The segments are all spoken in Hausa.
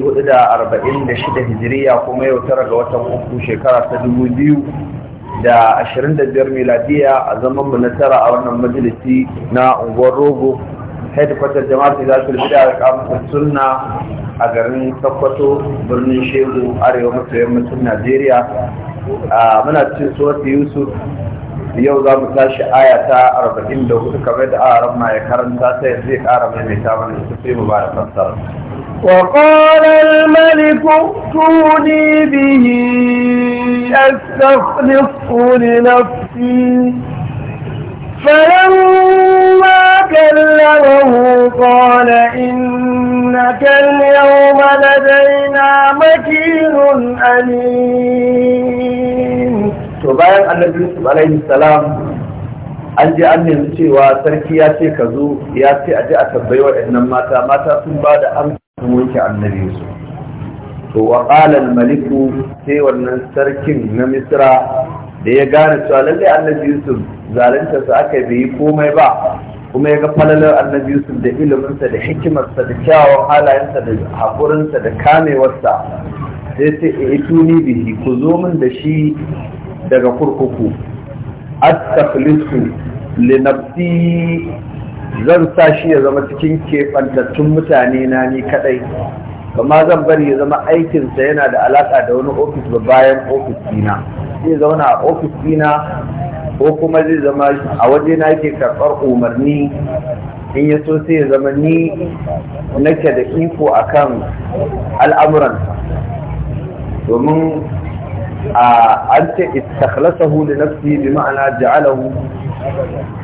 hudu da arba'in da shida hijiriya kuma yau tara ga watan uku shekara ta dubu biyu da ashirin miladiya a zaman mu na tara a wannan majalisi na unguwar rogo headquarter jama'ar da zafi da da kamata sunna a garin sokoto birnin shehu arewa maso yammacin najeriya muna cin suwatu yusuf yau za mu tashi aya ta arba'in da hudu kamar da a ramma ya karanta sai zai ya kara maimaita mana su sai mu ba da fassara وقال الملك ائتوني به أستخلصه لنفسي فلما كلمه قال إنك اليوم لدينا مكين أليم تبايا النبي يوسف عليه السلام an je an nemi cewa sarki ya ce ka zo ya ce a je a tambayi waɗannan mata mata sun ba da amsa wanke annabi su to wa maliku sai wannan sarkin na misra da ya gane cewa lalle annabi yusuf zalunta su aka bi yi komai ba kuma ya ga falalar annabi yusuf da iliminsa da hikimarsa da kyawun sa da haƙurinsa da kamewarsa sai sai a eh, ituni bihi ku zo min da shi daga kurkuku astaflisu li nafsi zan sa shi ya zama cikin keɓantattun mutane na ni kaɗai kama zan bari ya zama aikinsa yana da alaƙa da wani ofis ba bayan ofis dina zai zauna a ofis dina ko kuma zai zama a waje na yake karɓar umarni in ya so sai ya zama ni nake da iko akan al'amuran domin a an ce istakhlasahu li nafsi bi ma'ana ja'alahu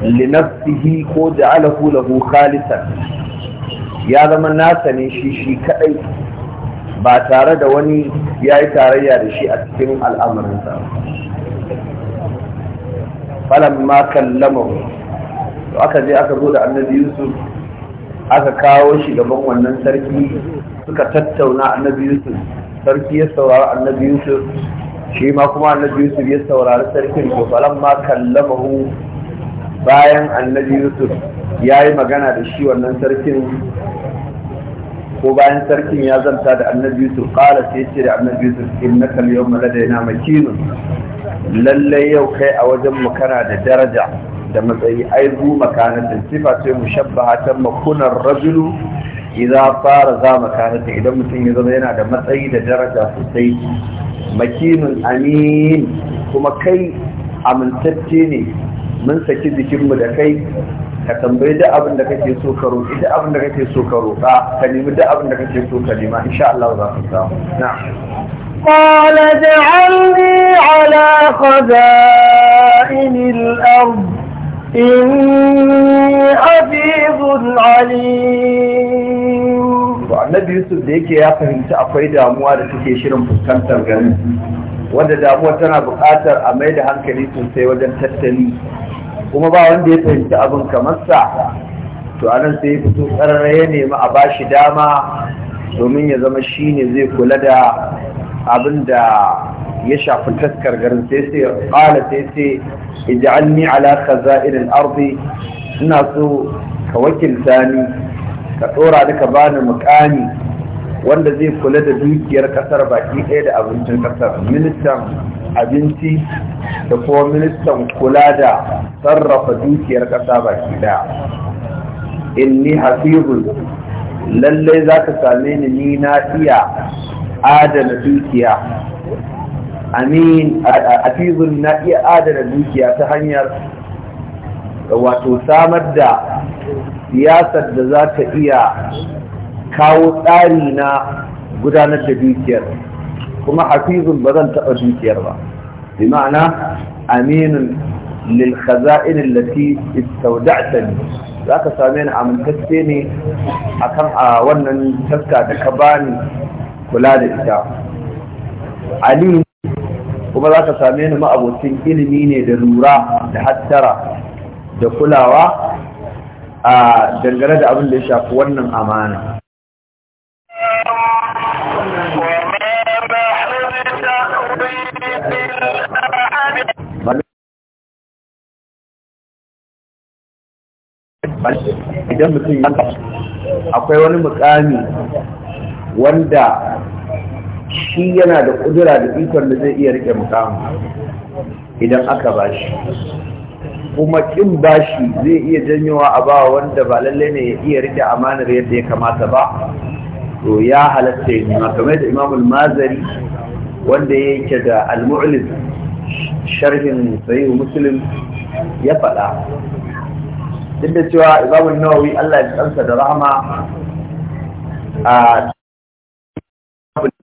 linafsihi ko ja'alahu lahu khalisan ya zama nasa ne shi shi kadai ba tare da wani ya yi tarayya da shi a cikin al'amuransa falon ma kallamahu to aka je aka zo da annabi yusuf aka kawo shi gaban wannan sarki suka tattauna annabi yusuf sarki ya saurari annabi yusuf shi ma kuma annabi yusuf ya saurari sarkin to falon ma kallamahu bayan annabi yusuf ya yi magana da shi wannan sarkin ko bayan sarkin ya zanta da annabi yusuf kala sai ce da annabi yusuf na al-yawma yana makinu lallai yau kai a wajen kana da daraja da matsayi ai zu makanatin sifa ce mushabbaha ta makunar rajulu idan fara za makanatin idan mutum ya zama yana da matsayi da daraja sosai makinun amin kuma kai amintacce ne mun saki jikinmu da kai ka tambayi duk abin da kake so ka roƙi duk abin da kake so ka roƙa ka nemi duk abin da kake so ka nema insha Allah za ka samu na'am قال اجعلني على خزائن الأرض إني حفيظ عليم annabi Yusuf da yake ya fahimci akwai damuwa da take shirin fuskantar gari. wanda damuwa tana buƙatar a mai da hankali sosai wajen tattali kuma ba wanda ya fahimci abin kamar sa to a nan sai ya fito tsararra ya nemi a ba shi dama domin ya zama shi ne zai kula da abin da ya shafi taskar garin sai sai ƙala sai sai ija'alni ala irin arzi. ina so ka wakilta ni ka ɗora ni ka bani muƙami wanda zai kula da dukiyar kasar baki ɗaya da abincin kasar ministan abinci da kuma ministan kula da sarrafa dukiyar kasa baki ɗaya ni hafizun lallai za ka same ni ni na iya adana dukiya amin hafizun na iya adana dukiya ta hanyar wato samar da siyasar da za ta iya kawo tsari na gudanar da dukiyar kuma hafizun ba zan taɓa dukiyar ba bi ma'ana aminun lil khaza'in ne, za ka same ni amintacce ne akan a wannan taska da ka bani kula da ita ali kuma zaka same ni ma'abocin ilimi ne da lura da hattara da kulawa a dangane da abin da ya shafi wannan amana idan mutum ya akwai wani mukami wanda shi yana da kudura da ikon da zai iya rike mukamu idan aka bashi kuma kin bashi zai iya janyowa a ba wanda ba lalle ne ya iya rike amanar yadda ya kamata ba to ya halatta yi ma kamar da imamul mazari wanda ya yake da al-mu'lim sharhin sahih musulun ya faɗa duk da cewa imamun nawawi Allah ya ɗansa da rahama a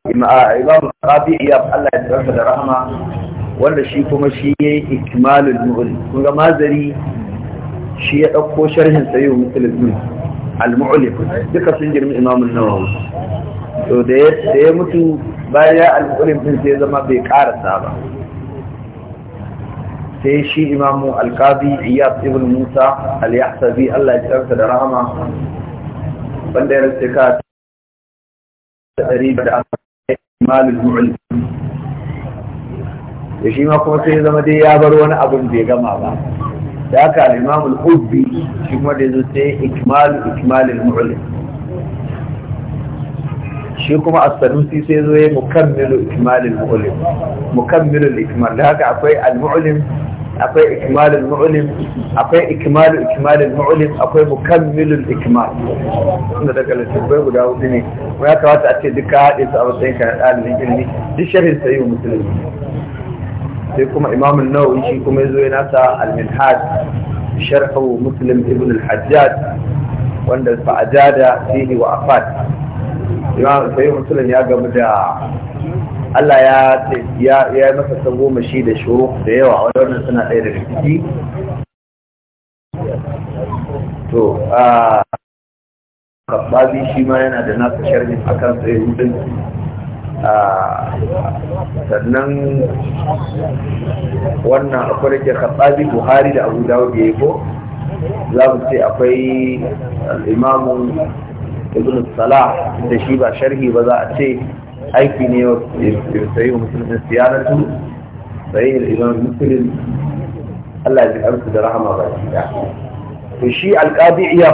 imamun rabi iya Allah ya ɗansa da rahama wanda shi kuma shi ya yi ikimalul mu'lim kun ga mazari shi ya ɗauko sharhin sayi wa musulun al-mu'lim duka sun girmi imamun nawawi to da ya mutu bayan ya alƙulin din sai zama bai ƙarasa ba sai shi imamu alƙazi iyas ibn musa al-yahsabi allah ya karsa da rahama wanda ya rasu ka ɗari da malul mu'ul da shi ma kuma sai zama dai ya bar wani abin bai gama ba da haka al-imamul ubbi shi kuma da zo sai Ikimalin, Ikimalin mu'ul shi kuma as-sanusi sai zo ya mukammilu ikmalul mu'lim mukammilul ikmal da haka akwai al-mu'lim akwai ikmalul mu'lim akwai ikmalul ikmalul mu'lim akwai mukammilul ikmal inda daga guda hudu ne ya kamata a ce duka haɗe su a matsayin ka ɗalibin ilimi duk sharhin musulmi sai kuma imamun nawawi shi kuma ya zo ya nasa al-minhaj sharhu muslim ibn al-hajjaj wanda fa'ajada fihi wa imam sai musulun ya gamu da Allah ya ya ya masa san goma shi da shuru da yawa wannan suna ɗaya daga ciki to a kabbabi shi ma yana da nasa sharhin akan tsaye hudun sannan wannan akwai da ke kabbabi buhari da abu dawud ya yi ko za mu ce akwai al'imamun ibn salah da shi ba sharhi ba za a ce aiki ne wa sai musulmin siyanatu sai imam musulmin. Allah ya ji arsu da rahama ba shi da to shi alqadi iya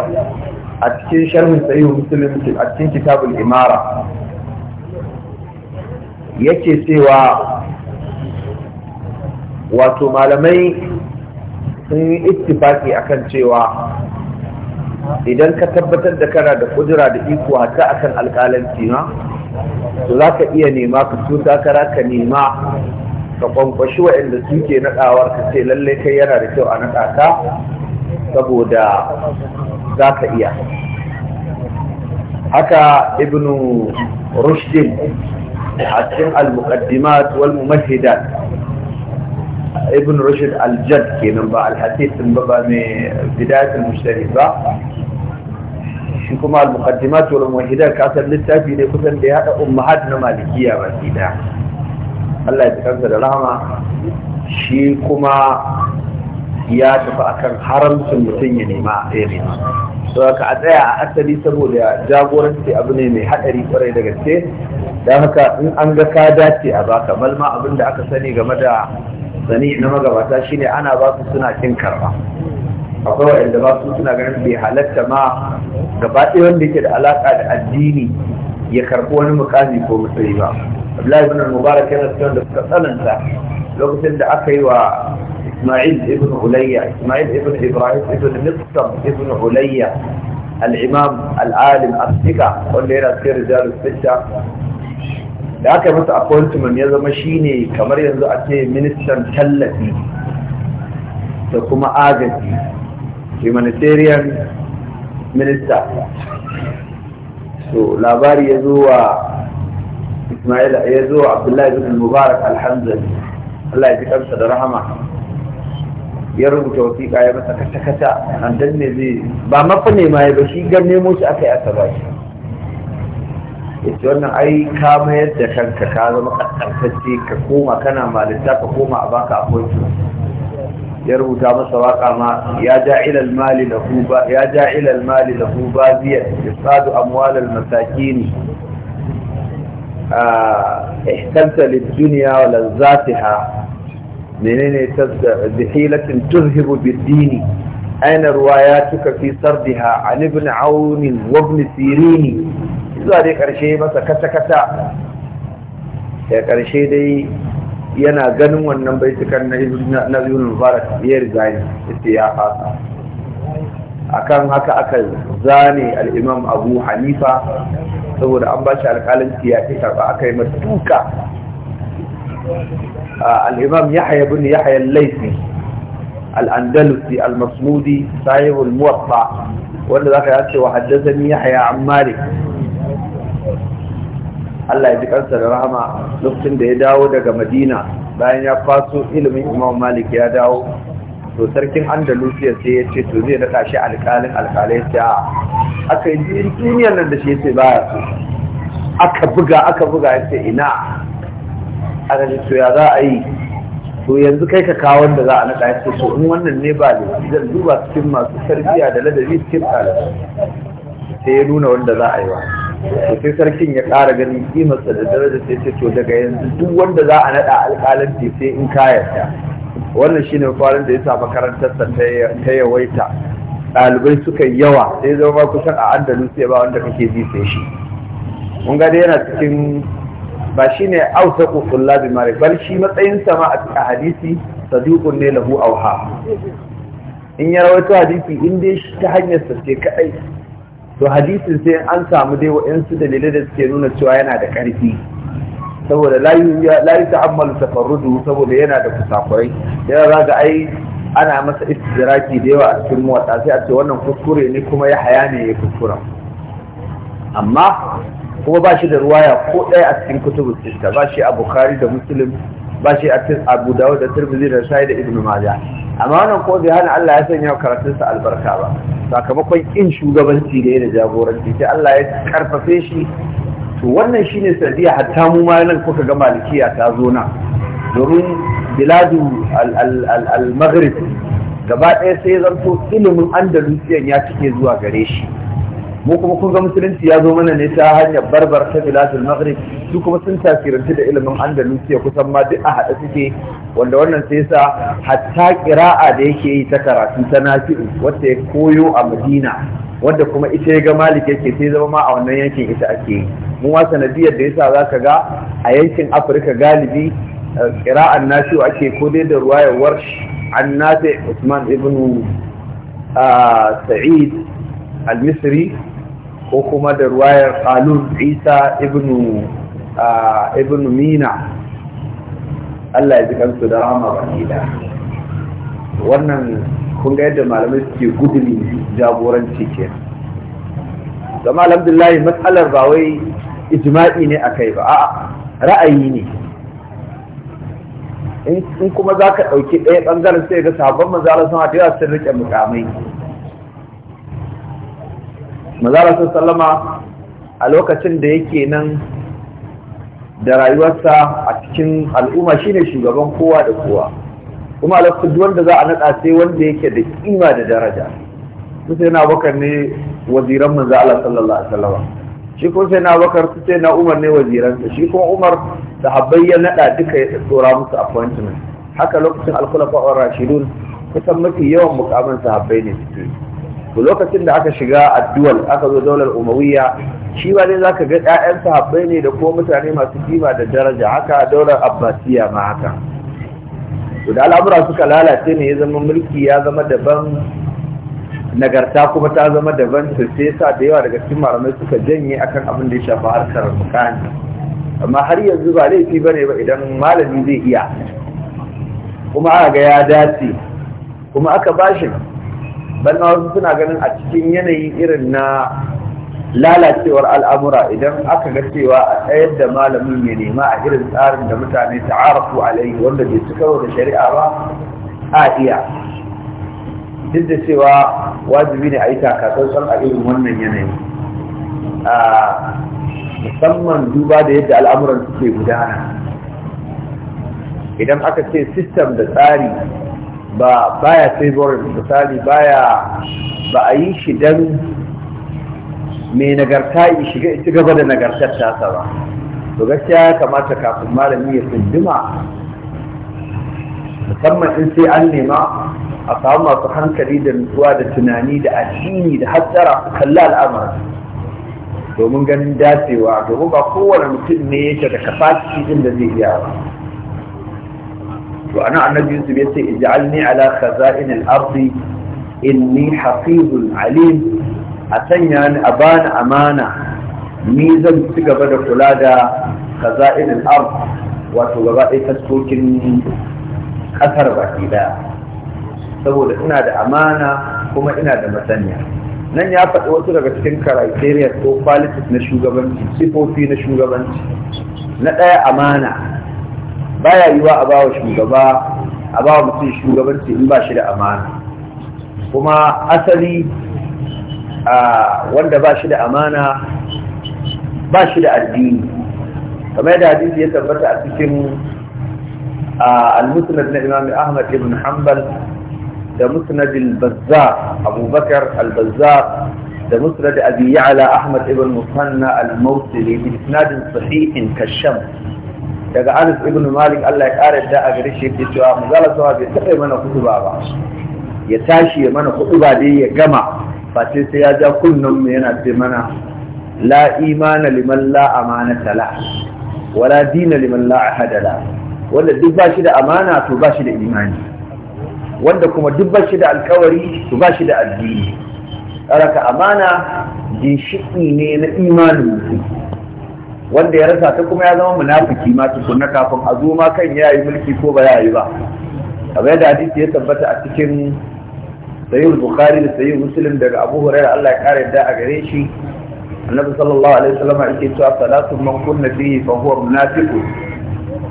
a cikin sharhin sahih muslim a cikin kitabul imara yake cewa wato malamai sun yi ittifaki akan cewa idan ka tabbatar da kana da kudura da iko hatta akan alƙalanci ma to za ka iya nema ka so takara ka nema ka kwankwashi waɗanda suke naɗawar ka ce lallai kai yana da kyau a naɗa ka saboda za ka iya haka ibnu rushdin a cikin al-muqaddimat wal mumahidat ibn rushd al-jad kenan ba al-hadith ba ba mai bidayat al-mushtari ba shi kuma al-muqaddimat wal Ka san littafi ne kusan da ya hada ummahat na malikiya ba da Allah ya tsaka da rahama shi kuma ya tafi akan haramcin mutum ya nema ya nema a tsaya a asali saboda jagoranci abu ne mai haɗari kwarai da gaske don haka in an ga ka dace a baka malma abin da aka sani game da sani na magabata shine ana ba su suna cin karba akwai wa'anda ba su suna ganin bai halatta ma gaba wanda yake da alaƙa da addini ya karɓi wani mukami ko matsayi ba abdullahi ibn mubarak yana cikin da suka tsananta lokacin da aka yi wa isma'il ibn ulayya isma'il ibn ibrahim ibn mistam ibn ulayya al-imam al-alim wanda yana cikin rijalus sitta da aka yi masa appointment ya zama shine kamar yanzu a ce ministan tallafi da kuma agaji humanitarian minister so labari ya zo wa ismail ya zo wa abdullahi bin mubarak alhamdulillah Allah ya ji kansa da rahama ya rubuta wasiƙa ya masa kata-kata an danne zai ba ya ba shi gan nemo shi aka yi aka yace wannan ai ka mayar da kanka ka zama kaskantacce ka koma kana malinta ka koma a baka akwai ya rubuta masa waka ma ya ja'ilal mali lahu ba ya ja'ilal mali lahu baziya yasadu amwal al masakin ihtamta lid dunya wa lazatiha menene bihilatin tuzhibu bid dini aina riwayatuka fi sardiha an ibn aun wa ibn sirini zuwa dai ƙarshe masa kasa-kasa dai yana ganin wannan baitukan na yunin mubarak ya rizani ita ya fasa haka aka zane al'imam abu hanifa saboda an ba shi alƙalin tiyafi a aka yi matuka al'imam ya haya bin ya haya laifi al'andalusi al-masmudi sahibul muwaffa wanda za ka yace wa haddasa ni ya haya an Allah ya ji kansa da rahama lokacin da ya dawo daga Madina bayan ya faso ilimin Imam Malik ya dawo to sarkin Andalusiya sai ya ce to zai nada shi alƙalin alƙalai sai aka yi duniyar nan da shi sai ba so aka buga aka buga ce ina aka to ya za a yi to yanzu kai ka kawo wanda za a nada ya ce to in wannan ne ba ne zan duba cikin masu tarbiyya da ladabi cikin ɗalibai sai ya nuna wanda za a yi wa to sai sarkin ya kara ganin kimarsa da daraja sai ce to daga yanzu duk wanda za a naɗa alƙalanci sai in kayata wannan shine farin da ya sa makarantarsa ta yawaita ɗalibai suka yawa sai zama kusan a andalus ba wanda kake ji sai shi mun ga yana cikin ba shi ne auta kukulla bi mare bal shi matsayin sama a hadisi sadiqun ne lahu auha in ya rawaito hadisi in dai ta hanyar sa ce kadai to hadisin sai an samu dai wa'insu dalilai da suke nuna cewa yana da ƙarfi saboda layi ammalu tafarrudu saboda yana da kusakurai yana za ga ai ana masa istiraki da yawa a cikin mawata sai a ce wannan kuskure ne kuma ya haya ne ya kuskura amma kuma ba shi da ruwaya ko ɗaya a cikin kutubu sita ba shi a bukari da musulun ba shi a abu dawo da turbizi da sai da ibnu majah amma wannan ko bai hana Allah ya sanya karatunsa albarka ba sakamakon kin shugabanci da da jagoranci sai Allah ya karfafe shi to wannan shine sadiya hatta mu ma nan kuka ga malikiya ta zo na domin biladu al-maghrib gaba ɗaya sai zanto ilimin andalusiyan ya cike zuwa gare shi mu kuma kun ga musulunci ya zo mana ne ta hanyar barbar ta filatul maghrib su kuma sun tasirantu da ilimin andalusiya kusan ma duk a haɗe suke wanda wannan sai sa hatta ƙira'a da yake yi ta karatu ta nafi'u wacce ya koyo a madina wanda kuma ita ya ga malik yake sai zama ma a wannan yankin ita ake yi mu ma sanadiyar da yasa za ka ga a yankin afirka galibi kira'an eh, nafi'u ake ko dai da ruwayar warsh an nafi usman ibn ah, sa'id al-misri ko kuma da ruwayar Khalun Isa ibnu ibnu Mina Allah ya ji kansu da rahama baki wannan kun ga yadda malamai suke gudun jagoranci ke zama alhamdulillah matsalar ba wai ijma'i ne akai ba a'a ra'ayi ne in kuma za ka ɗauki ɗaya ɓangaren sai ga sabon manzalar sun ya sun riƙe mukamai sun salama a lokacin da yake nan da rayuwarsa a cikin al'umma shine shugaban kowa da kowa kuma a lokacin wanda za a naɗa sai wanda yake da kima da daraja su sai na bakar ne waziran manzo Allah sallallahu alaihi wasallam shi kuma sai na bakar su sai na Umar ne waziran shi kuma Umar da habbai ya naɗa duka ya tsora musu appointment haka lokacin al-khulafa ar-rashidun kusan mafi yawan mukamin sahabbai ne suke to lokacin da aka shiga addu'al aka zo daular umawiya shi ba dai zaka ga ƴaƴan sahabbai ne da ko mutane masu kima da daraja haka daular abbasiya ma haka to da al'amura suka lalace ne ya zama mulki ya zama daban nagarta kuma ta zama daban to sai yasa da yawa daga cikin malamai suka janye akan abin da ya shafi harkar mukani amma har yanzu ba laifi bane ba idan malami zai iya kuma aka ga ya dace kuma aka bashi balla wasu suna ganin a cikin yanayi irin na lalacewar al'amura idan aka ga cewa a tsayar da malamin ya nema a irin tsarin da mutane ta a alaihi wanda bai su karo da shari'a ba a iya duk da cewa wajibi ne a yi takatsantsan a irin wannan yanayi a musamman duba da yadda al'amuran suke gudana idan aka ce sistem da tsari ba baya favorin misali baya ba a yi shi dan mai nagarta ya shiga ita gaba da nagartar tasa ba to gaskiya ya kamata kafin malami ya tsindima musamman in sai an nema a samu masu hankali da nutsuwa da tunani da addini da hatsara su kalli al'amari domin ganin dacewa domin ba kowane mutum ne yake da kafasiti din da zai iya ba to ana annabi yusuf ya ce ij'alni ala khaza'in al-ardi inni hafizun alim a sanya ni a bani amana ni zan ci gaba da kula da khaza'in al-ard wato gaba ɗaya taskokin ƙasar baki daya saboda ina da amana kuma ina da masaniya nan ya faɗi wasu daga cikin criteria ko qualities na shugabanci sifofi na shugabanci na ɗaya amana baya yiwa a bawa shugaba a bawa mutum shugabanci in ba shi da amana kuma asali a wanda ba shi da amana ba shi da addini kamar yadda hadisi ya tabbata a cikin al-musnad na imam ahmad ibn hanbal da musnad al-bazzar abubakar al-bazzar da musnad abi ya'la ahmad ibn musanna al-mawsili bi isnadin sahihin kasham daga Anas ibn Malik Allah ya kare da a gare shi yake cewa manzala sawa bai taɓa mana kutuba ba ya tashi ya mana kutuba dai ya gama face sai ya ja kunnan mu yana ce mana la imana liman la amanata la wala dina liman la ahada wanda duk ba shi da amana to ba shi da imani wanda kuma duk ba shi da alkawari to ba shi da addini karaka amana ginshiki ne na imanin mutum wanda ya rasa ta kuma ya zama munafiki ma tukunna kafin a zo ma kan ya yi mulki ko ba ya yi ba kamar da hadisi ya tabbata a cikin sayyid bukhari da sayyid muslim daga abu hurairah Allah ya kare da a gare shi annabi sallallahu alaihi wasallam yake cewa salatu man kunna fihi fa huwa munafiqun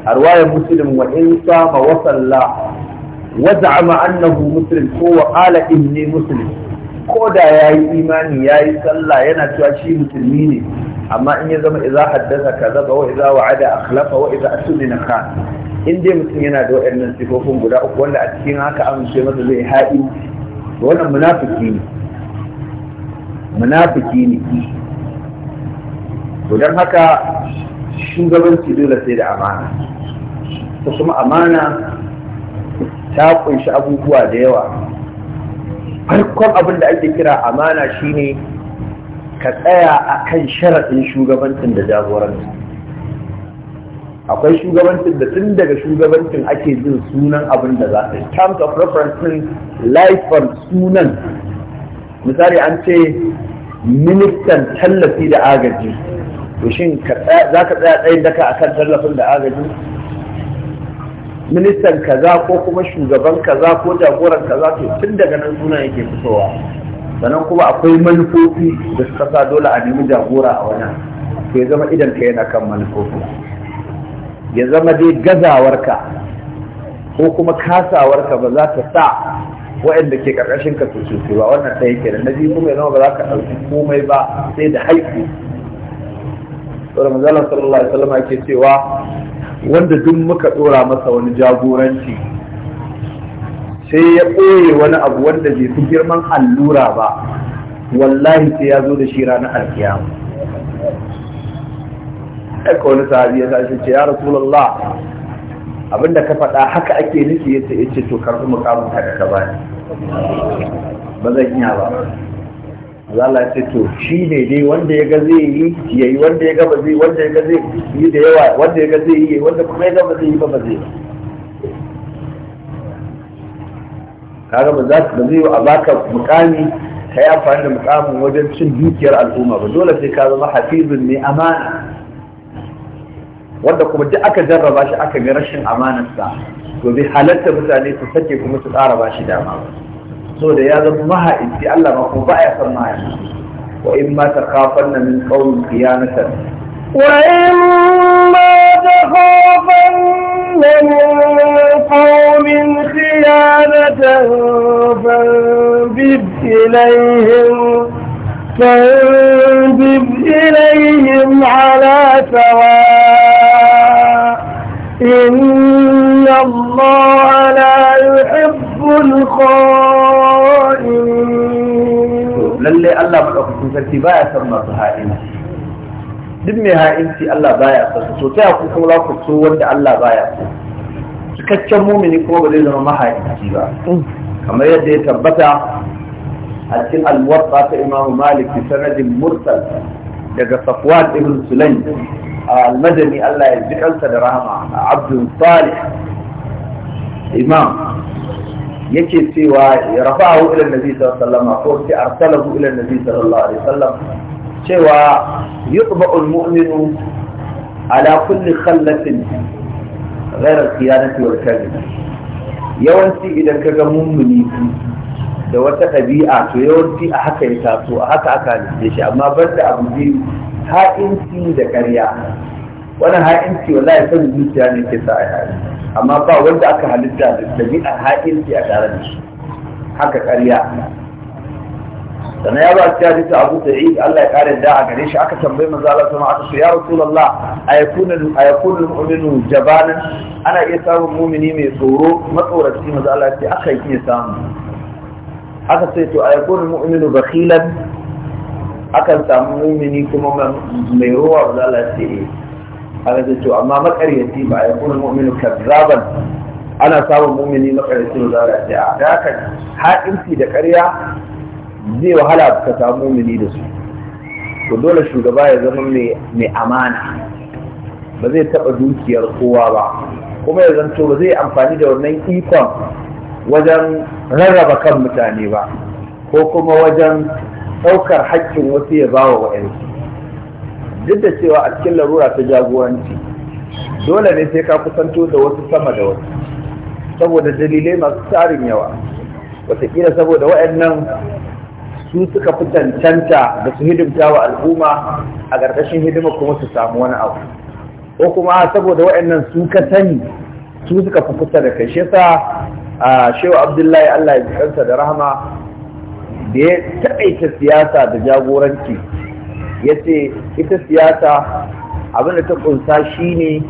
arwaya muslim wa in sama wa salla wa za'ama annahu muslim ko wa qala inni muslim ko da yayi imani yayi sallah yana cewa shi musulmi ne amma in ya zama iza haddasa kazaba wa idza wa'ada akhlafa wa idza asmina ka. in dai mutum yana da waɗannan sifofin guda uku wanda a cikin haka amince masa zai haɗi wannan munafiki ne munafiki ne to don haka shugabanci dole sai da amana ta kuma amana ta kunshi abubuwa da yawa farkon abin da ake kira amana shine ka tsaya a kan sharaɗin shugabancin da jagoranta. akwai shugabancin da tun daga shugabancin ake jin sunan abin da za a yi terms of reference life sunan misali an ce ministan tallafi da agaji to shin za ka tsaya tsayin daka a kan tallafin da agaji ministan kaza ko kuma shugaban kaza ko jagoran kaza to tun daga nan sunan yake fitowa sannan kuma akwai manufofi da suka sa dole a nemi jagora a wajen to ya zama idan ka yana kan manufofi ya zama dai gazawarka ko kuma kasawarka ba za ta sa waɗanda ke ƙarƙashin ka su ba wannan ɗaya ke na biyu kuma ya zama ba za ka ɗauki komai ba sai da haiku sauran mazalar sallallahu alaihi wasallam ake cewa wanda duk muka ɗora masa wani jagoranci sai ya ɓoye wani abu wanda bai fi girman allura ba wallahi sai ya zo da shi ranar alkiyama aka wani sahabi ya sashi ce ya rasulallah abinda ka faɗa haka ake nufi ya ce to karfi mukamin ka ka bani ba zan iya ba za a ce to shi ne dai wanda ya ga zai yi yi wanda ya ga ba zai wanda ya ga zai yi da yawa wanda ya ga zai yi wanda kuma ya ga ba zai yi ba ba zai ba kaga ba za ba zai yi a baka mukami ka yi amfani da mukamin wajen cin dukiyar al'umma ba dole sai ka zama hafizun mai amana wanda kuma duk aka jarraba shi aka ga rashin amanarsa to bai halatta mutane su sake kuma su tsara ba shi dama so da ya zama mahaifi Allah ma kuma ya san mahaifi wa in ma takhafanna min qawmin qiyanatan wa in ma takhafanna من قوم خيانة فانبذ إليهم فانبذ إليهم على سواء إن الله لا يحب الخائنين للي الله ملوك في سلسباء سمى صهائنا duk mai ha'inci Allah baya so so ta ku kuma za ku so wanda Allah baya so cikakken mumini kuma ba zai zama mahaifi ba kamar yadda ya tabbata a cikin almuwatta ta Imam Malik bi sanadin mursal daga Safwan ibn Sulaym a almadani Allah ya ji kansa da rahama a Abdul Salih Imam yake cewa ya rafa'ahu ila Nabi sallallahu alaihi wasallam ko sai arsalahu ila Nabi sallallahu alaihi wasallam cewa yutba'ul mu'minu ala kulli khallatin ghayra qiyanati wal kadhib yawanci idan ka kaga mummuni da wata ɗabi'a to yawanci a haka ya taso a haka aka halitta shi amma ban da abu ne ha'inci da ƙarya wani ha'inci wala ya san zuciya ne ke sa a yi amma ba wanda aka halitta da ɗabi'a ha'inci a tare da shi haka ƙarya sannan ya zo a cikin hadisi Abu Sa'id Allah ya kare da a gare shi aka tambayi manzo Allah sama aka ce ya Rasulullah ayakuna ayakuna mu'minu jabanan ana iya samun mu'mini mai tsoro matsoraci manzo Allah ya ce aka yi samu aka ce to ayakuna mu'minu bakhilan akan samu mu'mini kuma mai ruwa manzo Allah ya ce aka ce to amma makaryaci ba ayakuna mu'minu kazzaban ana samun mu'mini makaryaci manzo Allah ya ce a haka haƙinci da ƙarya zai wahala ka samu mini da su to dole shugaba ya zama mai amana ba zai taɓa dukiyar kowa ba kuma ya zanto ba zai amfani da wannan ikon wajen rarraba kan mutane ba ko kuma wajen ɗaukar haƙƙin wasu ya bawa wa duk da cewa a cikin larura ta jagoranci dole ne sai ka kusanto da wasu sama da wasu saboda dalilai masu tsarin yawa wataƙila saboda wa'annan su suka fi cancanta da su hidimta wa al'umma a ƙarƙashin hidima kuma su samu wani abu ko kuma saboda waɗannan su ka sani su suka fi kusa da kai shi yasa shehu abdullahi allah ya kansa da rahama da ya taƙaita siyasa da jagoranci ya ce ita siyasa abin da ta ƙunsa shi ne,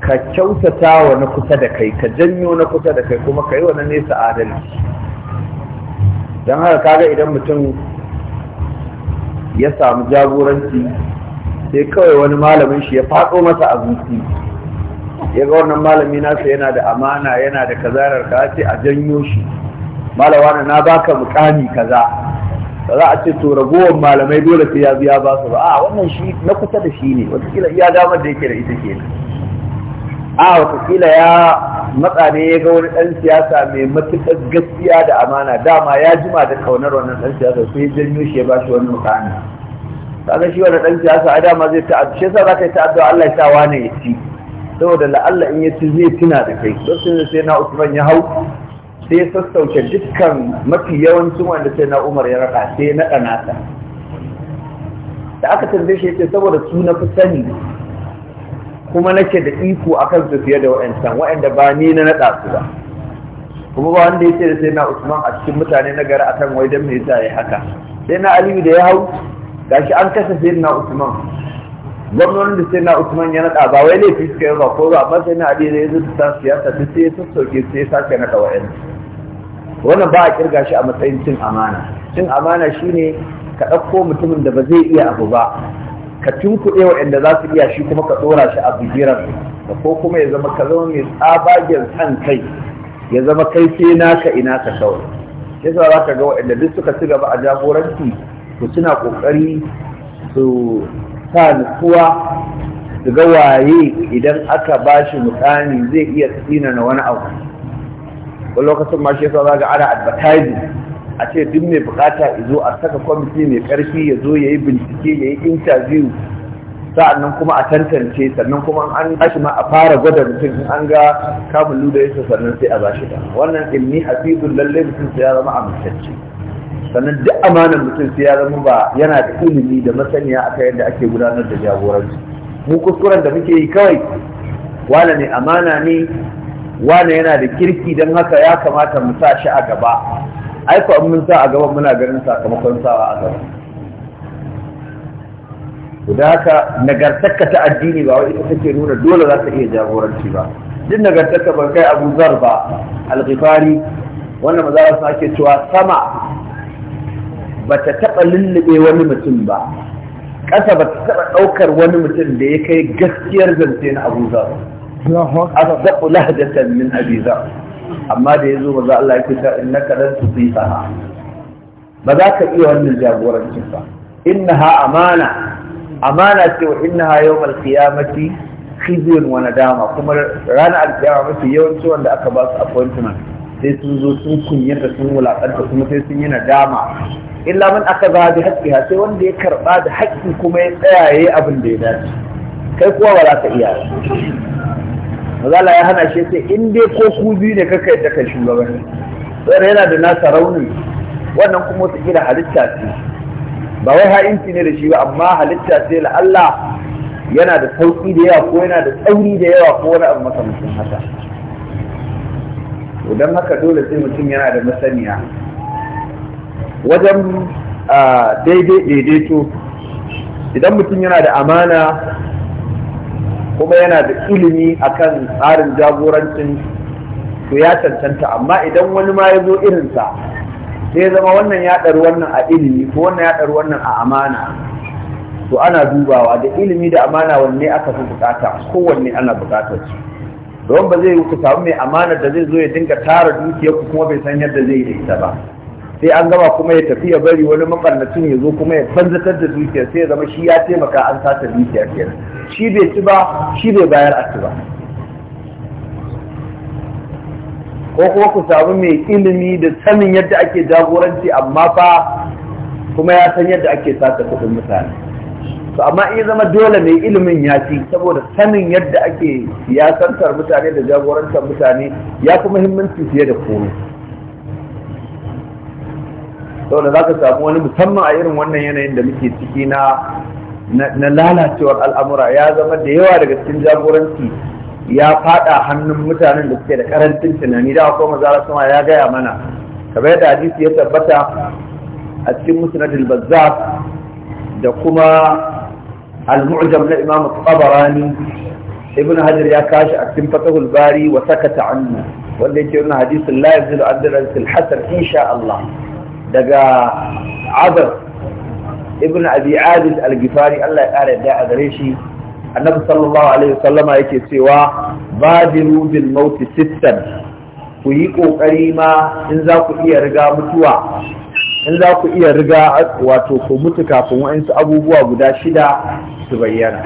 ka kyautata wa na kusa da kai ka janyo na kusa da kai kuma ka yi wa na nesa adalci don haka kaga idan mutum ya samu jagoranci sai kawai wani malamin shi ya faɗo masa a zuci ya ga wannan malami nasa yana da amana yana da kazarar ka ce a janyo shi malawa na na baka mukami kaza ba za a ce to ragowar malamai dole sai ya biya ba su ba a wannan shi na kusa da shi ne watakila iya damar da yake da ita ke a watakila ya matsa ya ga wani ɗan siyasa mai matuƙar gaskiya da amana dama ya jima da kaunar wannan ɗan siyasa sai ya janyo shi ya ba shi wani mukana. kaga shi wani ɗan siyasa a dama zai ta'addu shi yasa za ka yi ta'addu Allah ya sa wani ya ci saboda la'alla in ya ci zai tuna da kai don sai sai na Usman ya hau sai ya sassauce dukkan mafi yawancin wanda sai na Umar ya raka sai na ɗanata da aka tambaye shi ya ce saboda su na fi sani kuma nake da iko akan su fiye da wa'ancan wa'anda ba ni na naɗa su ba kuma ba wanda ya ce da sai na usman a cikin mutane na gari akan wai don me yasa ya haka sai na aliyu da ya hau gashi an kasa sai na usman gwamnonin da sai na usman ya naɗa ba wai laifi suka yi ba ko ba amma sai na aliyu da ya zo ta siyasa duk sai ya sassauke sai ya sake naɗa wa'ansu wannan ba a kirga shi a matsayin cin amana cin amana shine ka ɗauko mutumin da ba zai iya abu ba ka tunkuɗe waɗanda za su iya shi kuma ka ɗora shi a bigiran da ko kuma ya zama ka zama mai tsabagen san kai ya zama kai sai naka ina ka kawai sai sa za ka ga waɗanda duk suka ci gaba a jagoranci to suna ƙoƙari su sa nutsuwa su ga waye idan aka ba shi mutane zai iya tsina na wani abu wani lokacin ma shi yasa za ga ana advertising a ce duk mai bukata zo a saka kwamiti mai karfi ya zo ya yi bincike ya yi interview sa'annan kuma a tantance sannan kuma an ashi ma a fara gwada mutum in an ga kamun da yasa sannan sai a bashi da wannan ilmi hafizun lallai mutum sai ya zama amintacce sannan duk amanan mutum sai ya zama ba yana da ilimi da masaniya akan yadda ake gudanar da jagoranci mu kuskuren da muke yi kawai wane ne amana ne wane yana da kirki don haka ya kamata mu sa shi a gaba aiko an mun sa a gaban muna ganin sakamakon sawa a gaba to da haka nagartarka ta addini ba wai ita take nuna dole za ta iya jagoranci ba duk nagartarka ban kai Abu Zar ba al-Ghifari wannan maza su ake cewa sama bata taba lullube wani mutum ba ƙasa bata taba daukar wani mutum da ya kai gaskiyar zance na Abu Zar أصدق لهجة من أبي ذر amma da ya zo ba za Allah ya ce ta inna ka lan tusiha ba za ka iya wannan jagorancin ba innaha amana amana ce wa innaha yawmal qiyamati khizyun wa nadama kuma ranar alkiyama mafi yawanci wanda aka ba su appointment sai sun zo sun da sun wulakanta kuma sai sun yi nadama illa man aka za bi haƙƙiha sai wanda ya karɓa da haƙƙi kuma ya tsaya ya abin da ya dace kai kuwa ba za ka iya mazala ya hana shi ce in dai ko ku biyu ne kaka yadda kai shugaban sai yana da nasa raunin wannan kuma wata kira halitta ce ba wai ha'inci ne da shi ba amma halitta ce la Allah yana da sauki da yawa ko yana da tsauri da yawa ko wani abu makamancin haka idan haka dole sai mutum yana da masaniya wajen ah, daidai daidaito idan mutum yana da amana kuma yana da ilimi akan tsarin jagorancin to ya cancanta amma idan wani ma ya zo irinsa sai ya zama wannan ya ɗari wannan a ilimi ko wannan ya ɗari wannan a amana to ana dubawa da ilimi da amana wanne aka fi bukata kowanne ana bukatar su don ba zai yi ku samu mai amana da zai zo ya dinga tara dukiyar kuma bai san yadda zai yi da ita ba sai an gama kuma ya tafi ya bari wani mabarnacin ya zo kuma ya fanzatar da dukiyar sai ya zama shi ya taimaka an sata dukiya kenan shi bai ci ba shi bai bayar a ci ba ko kuma ku samu mai ilimi da sanin yadda ake jagoranci amma fa kuma ya san yadda ake sata kuɗin mutane to amma in zama dole mai ilimin ya ci saboda sanin yadda ake siyasantar mutane da jagorantar mutane ya fi muhimmanci fiye da komai da za ka samu wani musamman a irin wannan yanayin da muke ciki na na lalacewar al'amura ya zama da yawa daga cikin jagoranci ya fada hannun mutanen da suke da karancin tunani da akwai mazara sama ya gaya mana kamar yadda hadisi ya tabbata a cikin musnadul bazzar da kuma al-mu'jam na imam tabarani ibn hajar ya kashi a cikin fatahul bari wa sakata annu wanda yake wannan hadisin la yazil adra al-hasan insha Allah daga azar ibn abi adil al-gifari Allah ya kare da a gare shi annabi sallallahu alaihi wasallama yake cewa badiru bil maut sittan ku yi kokari ma in za ku iya riga mutuwa in za ku iya riga wato ku mutu kafin wa'ansu abubuwa guda shida su bayyana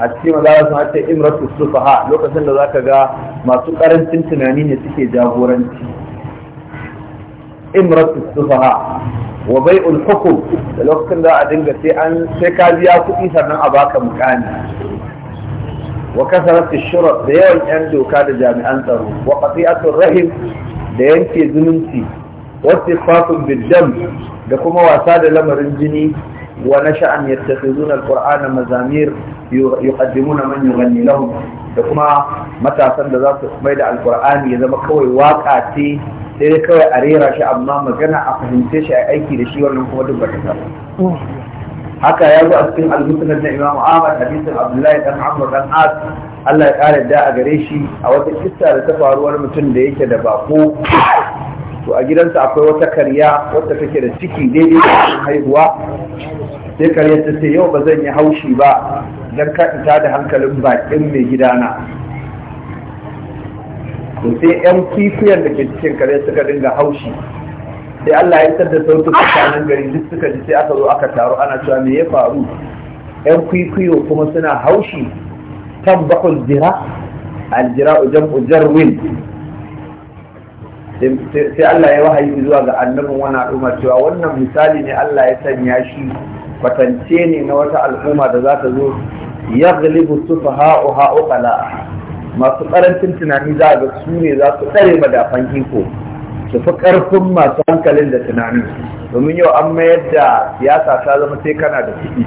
a cikin maza sun ce imratu sufaha lokacin da zaka ga masu karancin tunani ne suke jagoranci imratu sufaha wa bai'ul hukum da lokacin a dinga sai an sai ka biya kuɗi sannan a baka mukami wa kasaratu shurat da yawan yan doka da jami'an tsaro wa qati'atur rahim da yanke zumunci wa istifafun biddam da kuma wasa da lamarin jini wa nasha'an yattakhizuna alqur'ana mazamir yuqaddimuna man yughanni lahum da kuma matasan da za su mai da Alƙur'ani ya zama kawai waka ce sai dai kawai a rera shi amma magana a fahimce shi a aiki da shi wannan kuma duk bata samu haka ya zo a cikin al-musnad na Imam Ahmad hadisin Abdullahi dan Amr dan As Allah ya kare da a gare shi a wata kissa da ta faru wani mutum da yake da bako to a gidansa akwai wata karya wadda take da ciki daidai da haihuwa sai karyar ta ce yau ba zan yi haushi ba dan ka da hankalin bakin mai gidana to sai yan kifiyan da ke cikin kare suka dinga haushi sai Allah ya isar da sautin tsakanin gari duk suka ji sai aka zo aka taru ana cewa me ya faru yan kwikwiyo kuma suna haushi kan bakul jira aljira jam'u jarwin sai Allah ya wahayi zuwa ga annabin wani al'umma cewa wannan misali ne Allah ya sanya shi kwatance ne na wata al'umma da za ta zo ya galibu su ha'u ha'u masu karancin tunani za a ga su ne za su tsare madafan iko su fi karfin masu hankalin da tunani domin yau an mayar da siyasa ta zama sai kana da kuɗi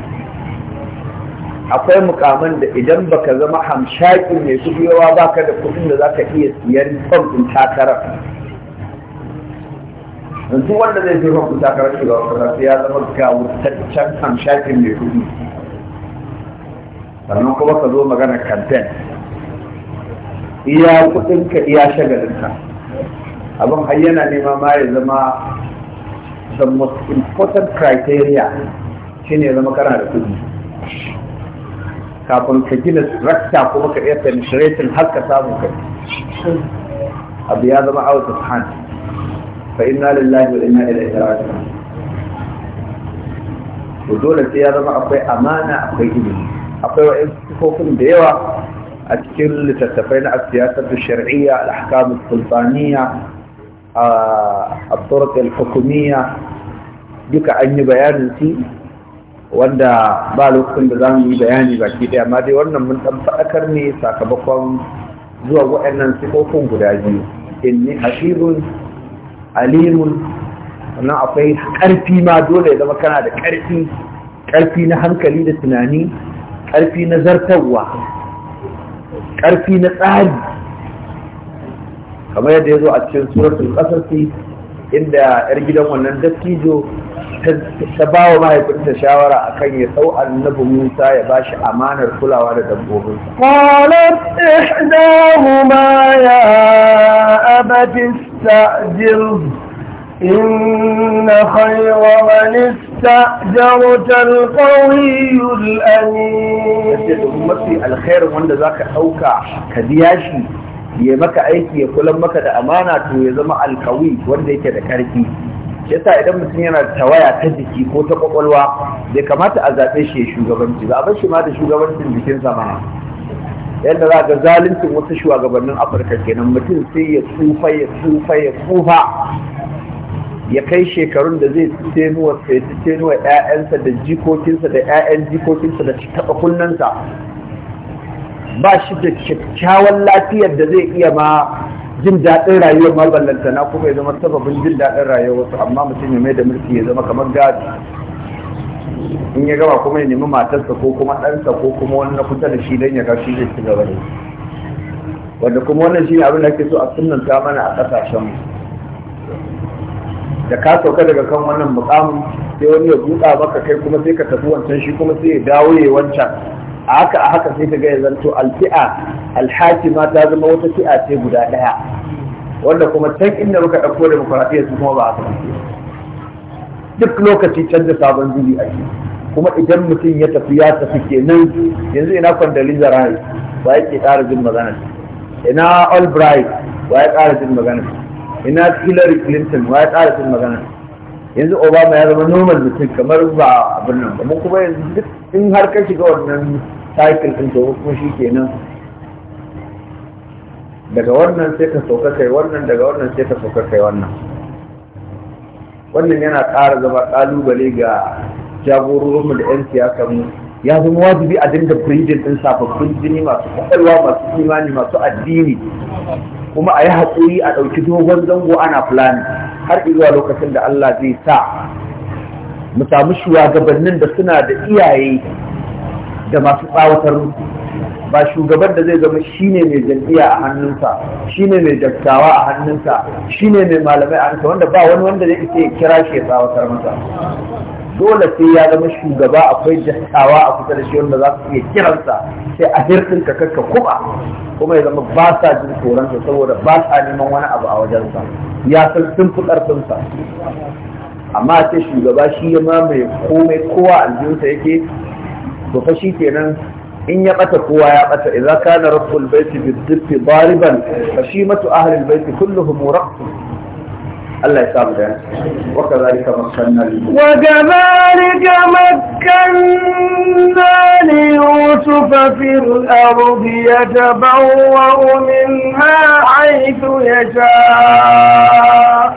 akwai mukaman da idan baka zama hamshakin mai kuɗi yawa baka da kuɗin da zaka iya siyan fam takarar yanzu wanda zai fi fam takarar shugaban kasa sai ya zama ga wutaccen hamshakin mai kuɗi sannan kuma ka zo magana kantin iya kudinka iya shagalinka abin har yana nema ma ya zama the most important criteria shine ya zama kana da kudi kafin ka gina rakta kuma ka iya penetrating har ka samu kai abu ya zama out of hand fa inna lillahi wa inna ilaihi raji'un to dole sai ya zama akwai amana akwai ilimi akwai wa'in sifofin da yawa a cikin littattafai na siyasar shar'iyya al-ahkam sultaniya a turk al duka an yi bayanin su wanda ba lokacin da za mu yi bayani baki daya amma dai wannan mun dan faɗakar ne sakamakon zuwa waɗannan sifofin guda biyu inni hafizun alimun sannan akwai ƙarfi ma dole ya zama kana da ƙarfi ƙarfi na hankali da tunani ƙarfi na zartarwa ƙarfi na tsari kamar yadda ya zo a cikin suratul ƙasarsi inda yar gidan wannan dattijo ta ba wa mahaifinta shawara a kan ya sau annabi Musa ya ba shi amanar kulawa da dabbobin. Qalat ma ya abadin sta'jir إن خير من استأجرت القوي الأمين mafi alkhairin wanda za ka ɗauka ka biya shi ya maka aiki ya kulan maka da amana to ya zama alkawi wanda yake da ƙarfi shi yasa idan mutum yana tawaya ta jiki ko ta kwakwalwa bai kamata a zaɓe shi ya shugabanci ba a bar shi ma da shugabancin jikinsa mana yadda za ga zaluncin wasu shugabannin afirka kenan mutum sai ya tsufa ya tsufa ya tsufa ya kai shekarun da zai tenuwa sai tenuwa ƴaƴansa da jikokinsa da ƴaƴan jikokinsa da taɓa kunnansa ba shi da kyakkyawan lafiyar da zai iya ma jin daɗin rayuwar maballanta na kuma ya zama sababin jin daɗin rayuwar wasu amma mutum ya mai da mulki ya zama kamar gadi in ya gaba kuma ya nemi matarsa ko kuma ɗansa ko kuma wani na kusa da shi don ya ga shi zai ci gaba da wanda kuma wannan shi ne abin da ake so a sunan ta mana a ƙasashen da ka sauka daga kan wannan mukamin sai wani ya buɗa maka kai kuma sai ka tafi wancan shi kuma sai ya dawo ya wancan a haka a haka sai ka ga yanzu to alfi'a alhakima ta zama wata fi'a ce guda ɗaya wanda kuma can inda muka ɗauko da demokuraɗiyya su kuma ba a ba. duk lokaci canza sabon zubi a kuma idan mutum ya tafi ya tafi kenan yanzu ina kwandalin zarari ba yake ƙara jin magana ina albright ba ya ƙara jin magana ina hillary clinton wa ya tsara cin magana yanzu obama ya zama normal mutum kamar ba abin nan ba mu kuma yanzu duk in har ka shiga wannan cycle din to kuma shi kenan daga wannan sai ka sauka kai wannan daga wannan sai ka sauka kai wannan wannan yana ƙara zama ƙalubale ga jagororinmu da 'yan siyasarmu ya zama wajibi a dinga firijin din safaffun jini masu kwakwalwa masu imani masu addini kuma a yi haƙuri a ɗauki dogon zango ana fulani har zuwa lokacin da Allah zai sa mu samu shugabannin da suna da iyaye da masu tsawatar ba shugaban da zai zama shine mai jam'iyya a hannunsa shine mai dattawa a hannunsa shine mai malamai a hannunsa wanda ba wani wanda zai isa ya kira shi ya tsawatar masa dole sai ya zama shugaba akwai dattawa a kusa da shi wanda za su iya kiransa sai a hirtin ka kakka kuma kuma ya zama ba sa jin tsoronsa saboda ba sa neman wani abu a wajensa ya san sun fi ƙarfinsa amma sai shugaba shi ya mamaye komai kowa aljinsa yake to fa shi kenan in ya bata kowa ya bata idza kana rabbul baiti biddifi dariban fa shi matu ahli baiti kulluhum raqsun الله يسامح وكذلك مكنا وكذلك مكنا ليوسف في الأرض يتبوأ منها حيث يشاء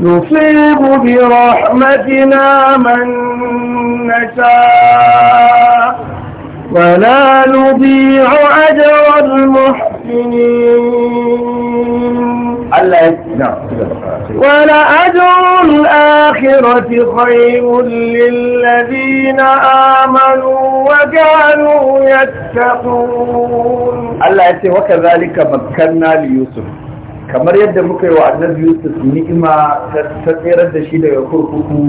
نصيب برحمتنا من نشاء ولا نضيع أجر المحسنين الله ولأجر الآخرة خير للذين آمنوا وكانوا يتقون الله يأتي وكذلك مكنا ليوسف kamar yadda muka yi wa annabi yusuf ni'ima ta tserar da shi daga kurkuku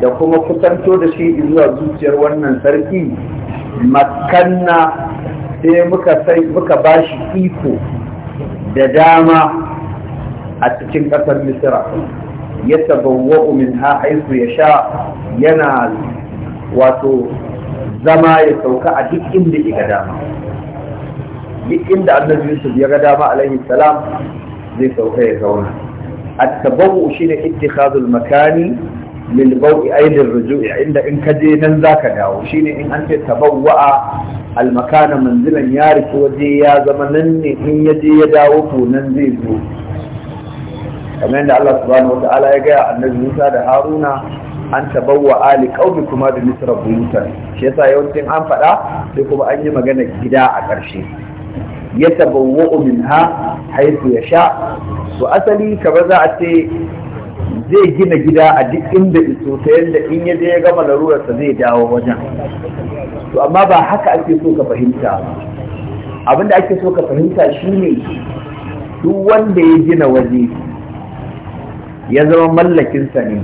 da kuma kusanto da shi zuwa zuciyar wannan sarki makanna sai muka sai muka bashi iko da dama a cikin ƙasar misira ya tabawwa'u min ha haisu ya sha yana wato zama ya sauka a duk inda ya ga dama duk inda annabi yusuf ya ga dama alaihi salam zai sauka ya zauna at-tabawwu shine ittikhadul makani lil bawi aidin ruju'i inda in ka je nan zaka dawo Shin in an ce tabawwa'a al makana manzilan ya rike waje ya zama nan ne in ya je ya dawo ko nan zai zo kamar yadda Allah subhanahu wata'ala ya gaya annabi Musa da Haruna an tabawwa ali qaumi kuma da misra buyutan shi yasa yawancin an faɗa sai kuma an yi magana gida a ƙarshe ya tabawwa'u minha haythu yasha to asali kaba za a ce zai gina gida a duk inda iso ta yadda in ya je ya gama larurarsa zai dawo wajen to amma ba haka ake so ka fahimta abinda ake so ka fahimta shine duk wanda ya gina waje ya zama mallakinsa ne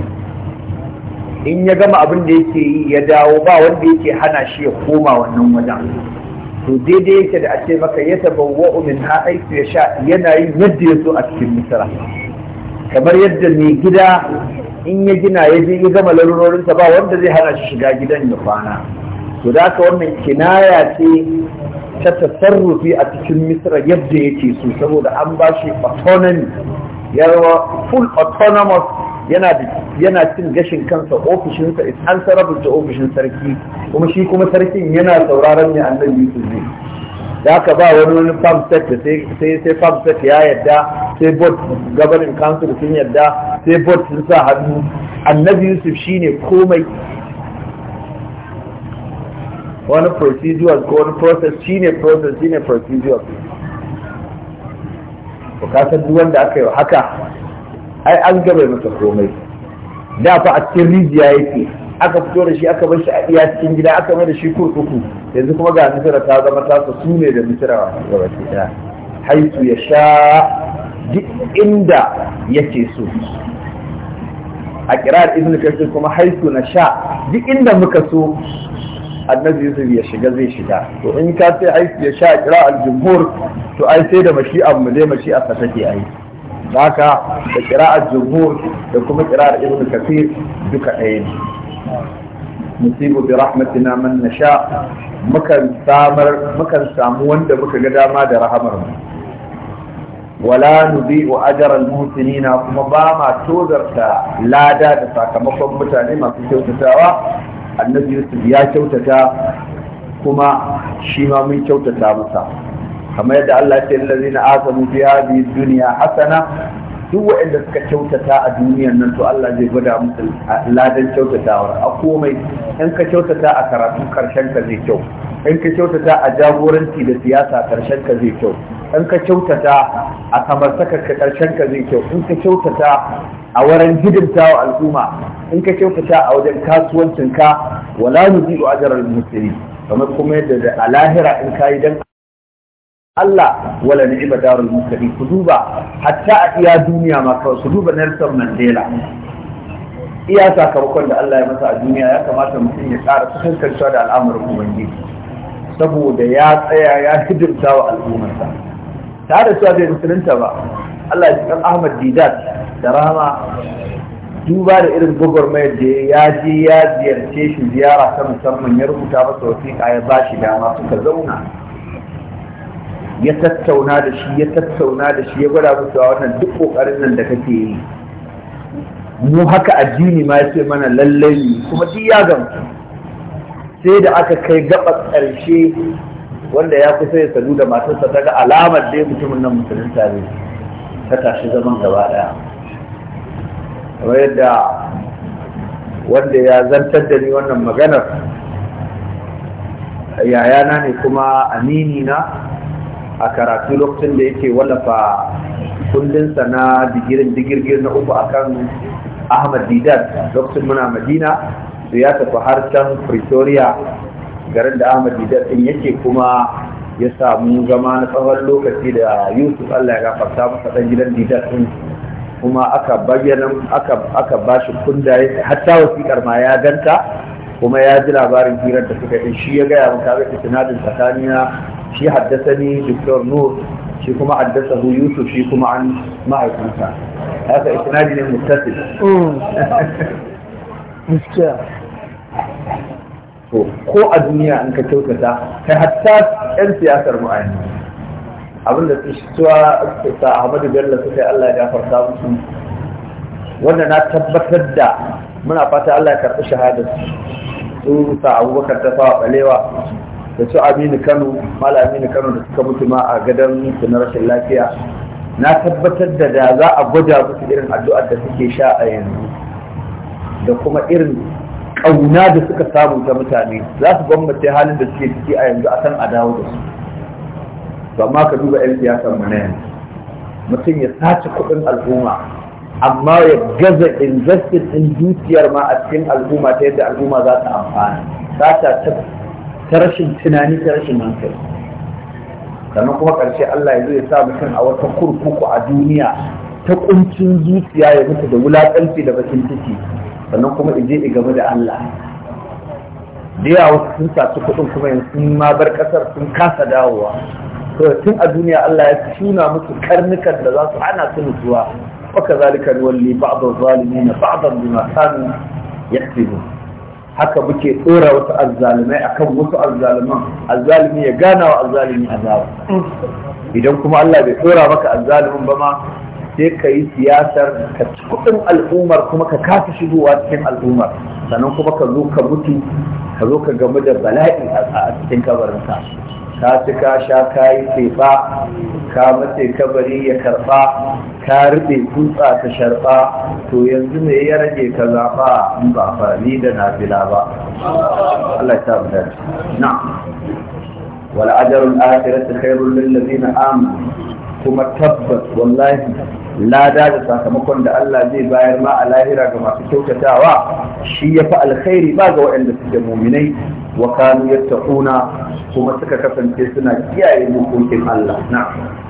in ya gama abin da yake yi ya dawo ba wanda yake hana shi ya koma wannan wajen to daidai yake da a maka ya tabawwa wa'umin ha aiki ya sha yana yi yadda ya so a cikin misira kamar yadda mai gida in ya gina ya je ya gama larurorinsa ba wanda zai hana shi shiga gidan ya kwana to da haka wannan kinaya ce ta tasarrufi a cikin misira yadda yake so saboda an ba shi autonomy ya zama full autonomous yana cin gashin kansa ofishinsa is an sarrafa ofishin sarki kuma shi kuma sarkin yana sauraron ne annabi Yusuf ne da aka ba wani wani farm set da sai sai farm set ya yadda sai board governing council sun yadda sai board sun sa hannu annabi Yusuf shi ne komai wani procedure ko wani process shi ne process shi ne procedure. to ka san duk wanda aka yi haka ai an gaba masa komai da fa a cikin rijiya yake aka fito da shi aka bar shi a iya cikin gida aka mai da shi kurkuku yanzu kuma ga misira ta zama tasa su ne da misira gaba ke daya haitu ya sha duk inda yake so a kirar ibn kasir kuma haitu na sha duk inda muka so annabi yusuf ya shiga zai shiga to in ka ce ai ya sha kira al-jumhur to ai sai da mashi'a mu dai mashi'a ta take ai haka da kira'ar jumhur da kuma kira'ar ibn kafir duka ɗaya ne musibu bi rahmatina man nasha mukan samar mukan samu wanda muka ga dama da rahamar mu wala nudhi'u ajra al-muhsinina kuma ba ma tozarta lada da sakamakon mutane masu kyautatawa annabi yusuf ya kyautata kuma shi ma mun kyautata masa kamar yadda Allah ya ce allazina azamu fi hadhihi dunya hasana duk waɗanda suka kyautata a duniyar nan to Allah zai gwada musu ladan kyautatawar a komai in ka kyautata a karatu karshen ka zai kyau in ka kyautata a jagoranci da siyasa karshen ka zai kyau in ka kyautata a samartakar ka karshen ka zai kyau in ka kyautata a wurin hidimta wa al'umma in ka kyautata a wajen kasuwancinka wala nuzi'u ajral muslimin kamar kuma yadda da al'ahira in kayi dan Allah wala ni'ma darul ku duba hatta a iya duniya ma kawai su duba Nelson Mandela iya sakamakon da Allah ya masa a duniya ya kamata mutum ya ƙara kusantarwa da al'amarin ubangiji saboda ya tsaya ya hidimta wa al'ummarsa tare da cewa bai musulunta ba Allah ya kan Ahmad Didat da Rahma, duba da irin gwagwarmayar da ya je ya ziyarce shi ziyara ta musamman ya rubuta masa wasiƙa ya ba shi dama suka zauna ya tattauna da shi ya tattauna da shi ya gwada musu wannan duk ƙoƙarin nan da kake yi mu haka addini ma yace mana lallai ne kuma duk ya gamsu sai da aka kai gaba ƙarshe wanda ya kusa ya sadu da matarsa daga alamar dai mutumin nan musulunta ne ta tashi zaman gaba ɗaya kamar yadda wanda ya zantar da ni wannan maganar yayana ne kuma amini na a karatu lokacin da yake wallafa kundinsa na digirin digirgir na uku akan ahmad didat lokacin muna madina su ya tafi har pretoria garin da ahmad didat din yake kuma ya samu zama na tsawon lokaci da yusuf allah ya gafarta masa dan gidan didar din kuma aka bayyana aka ba shi kundaye hatta wasiƙar ma ya ganta kuma ya ji labarin hirar da suka yi shi ya gaya min kaga isnadin tsakanina shi haddasa ni Dr. Nur shi kuma haddasa hu Yusuf shi kuma an ma'aikansa haka isnadi ne muttasil gaskiya to ko a duniya an ka kyautata kai hatta yan siyasar mu ayi abin da su suwa sa Ahmadu Bello suka Allah ya gafarta musu wanda na tabbatar da muna fata Allah ya karɓi shahada su sa Abubakar tafa fawa balewa da su Aminu Kano Malam Aminu Kano da suka mutu ma a gadon su na rashin lafiya na tabbatar da da za a gwada musu irin addu'ar da suke sha a yanzu da kuma irin kauna da suka samu ta mutane za su gwamnati halin da suke ciki a yanzu a san a dawo da su to amma ka duba yan siyasar mu na yanzu mutum ya sace kuɗin al'umma amma ya gaza injustice ɗin dukiyar ma a cikin al'umma ta yadda al'umma za ta amfana sata ta rashin tunani ta rashin hankali sannan kuma ƙarshe Allah ya zo ya sa mutum a wata kurkuku a duniya ta kuncin zuciya ya mutu da wulaƙanci da bakin ciki sannan kuma in je in game da Allah da yawa sun saci kuɗin kuma sun ma bar ƙasar sun kasa dawowa to tun a duniya Allah ya tuna musu karnukan da za su hana su nutsuwa waka zalika nuwalli ba'd az-zalimin ba'dan bima kanu yaktubu haka muke dora wasu azzalimai akan wasu azzaliman azzalimi ya gana wa azzalimi azaba idan kuma Allah bai dora maka azzalimin ba ma sai ka yi siyasar ka ci kuɗin al'ummar kuma ka kasa shigowa cikin al'ummar sannan kuma ka zo ka mutu ka zo ka gamu da bala'i a cikin kabarinka ka ci ka sha ka yi tefa ka matse kabari ya karɓa ka riɓe kutsa ta sharɓa to yanzu me ya rage ka zaɓa in ba farali da nafila ba Allah ya sa na wal ajrul akhirati khairul lil ladina amanu kuma tabbas wallahi lada da sakamakon da Allah zai bayar ma a lahira ga masu kyautatawa shi ya fi alkhairi ba ga waɗanda suke muminai wa kanu tafuna, kuma suka kasance suna kiyaye dokokin Allah na'am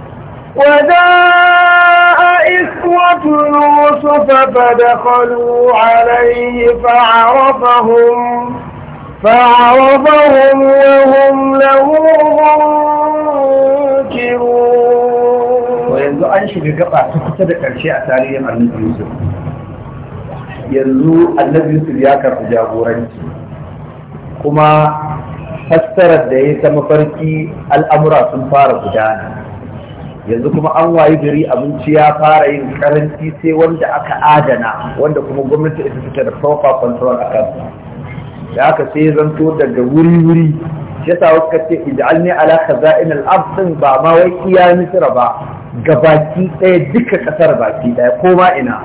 وجاء إخوة يوسف فدخلوا عليه فعرفهم فعرفهم وهم له منكرون an shiga gaba ta kusa da ƙarshe a tarihin annabi yusuf yanzu annabi yusuf ya karɓi jagoranci kuma fassarar da ya ta mafarki al'amura sun fara gudana yanzu kuma an wayi gari abinci ya fara yin karanci sai wanda aka adana wanda kuma gwamnati ita fita da proper control a kansa da aka sai zanto daga wuri-wuri yasa wasu kace ij'alni ala khaza'in al-ard ba ma wai iya misra ba gabaki daya duka kasar baki daya, ko ba ina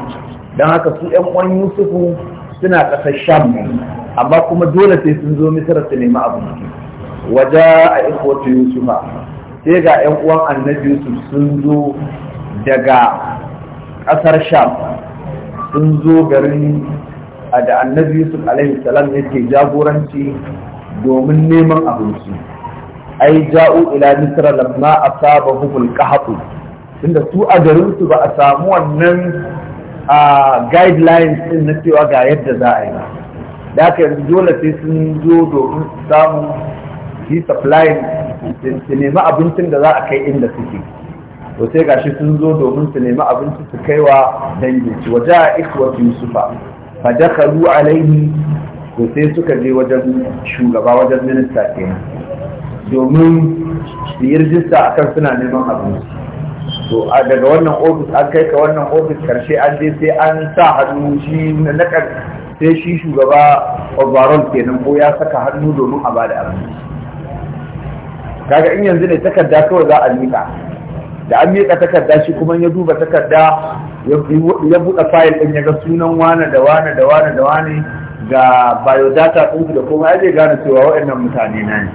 dan haka su ɗan uwan yusufu suna kasar sham ne amma kuma dole sai sun zo misra su nemi abu waje a ikwatu yusufa sai ga yan uwan annabi yusuf sun zo daga kasar sham sun zo garin da annabi yusuf alaihi salam yake jagoranci domin neman abinci ai ja'u ila misra lamma asabahum alqahq tunda su a garin su ba a samu wannan a guidelines din na cewa ga yadda za a yi da ka yanzu dole sai sun zo domin samu shi supply su nemi abincin da za a kai inda suke to sai gashi sun zo domin su nemi abinci su kai wa danginsu waje a ikwatu yusufa fa dakhalu alayhi to sai suka je wajen shugaba wajen minista ke domin su yi rijista a kan suna neman abinci to a daga wannan ofis an kai ka wannan ofis karshe an je sai an sa hannu shi na sai shi shugaba overall kenan ko ya saka hannu domin a bada abinci kaga in yanzu ne takarda kawai za a miƙa da an miƙa takarda shi kuma ya duba takarda ya buɗe fayil ɗin ya ga sunan wane da wane da wane da wane ga biodata ɗinku da kuma ai zai gane cewa waɗannan mutane na ne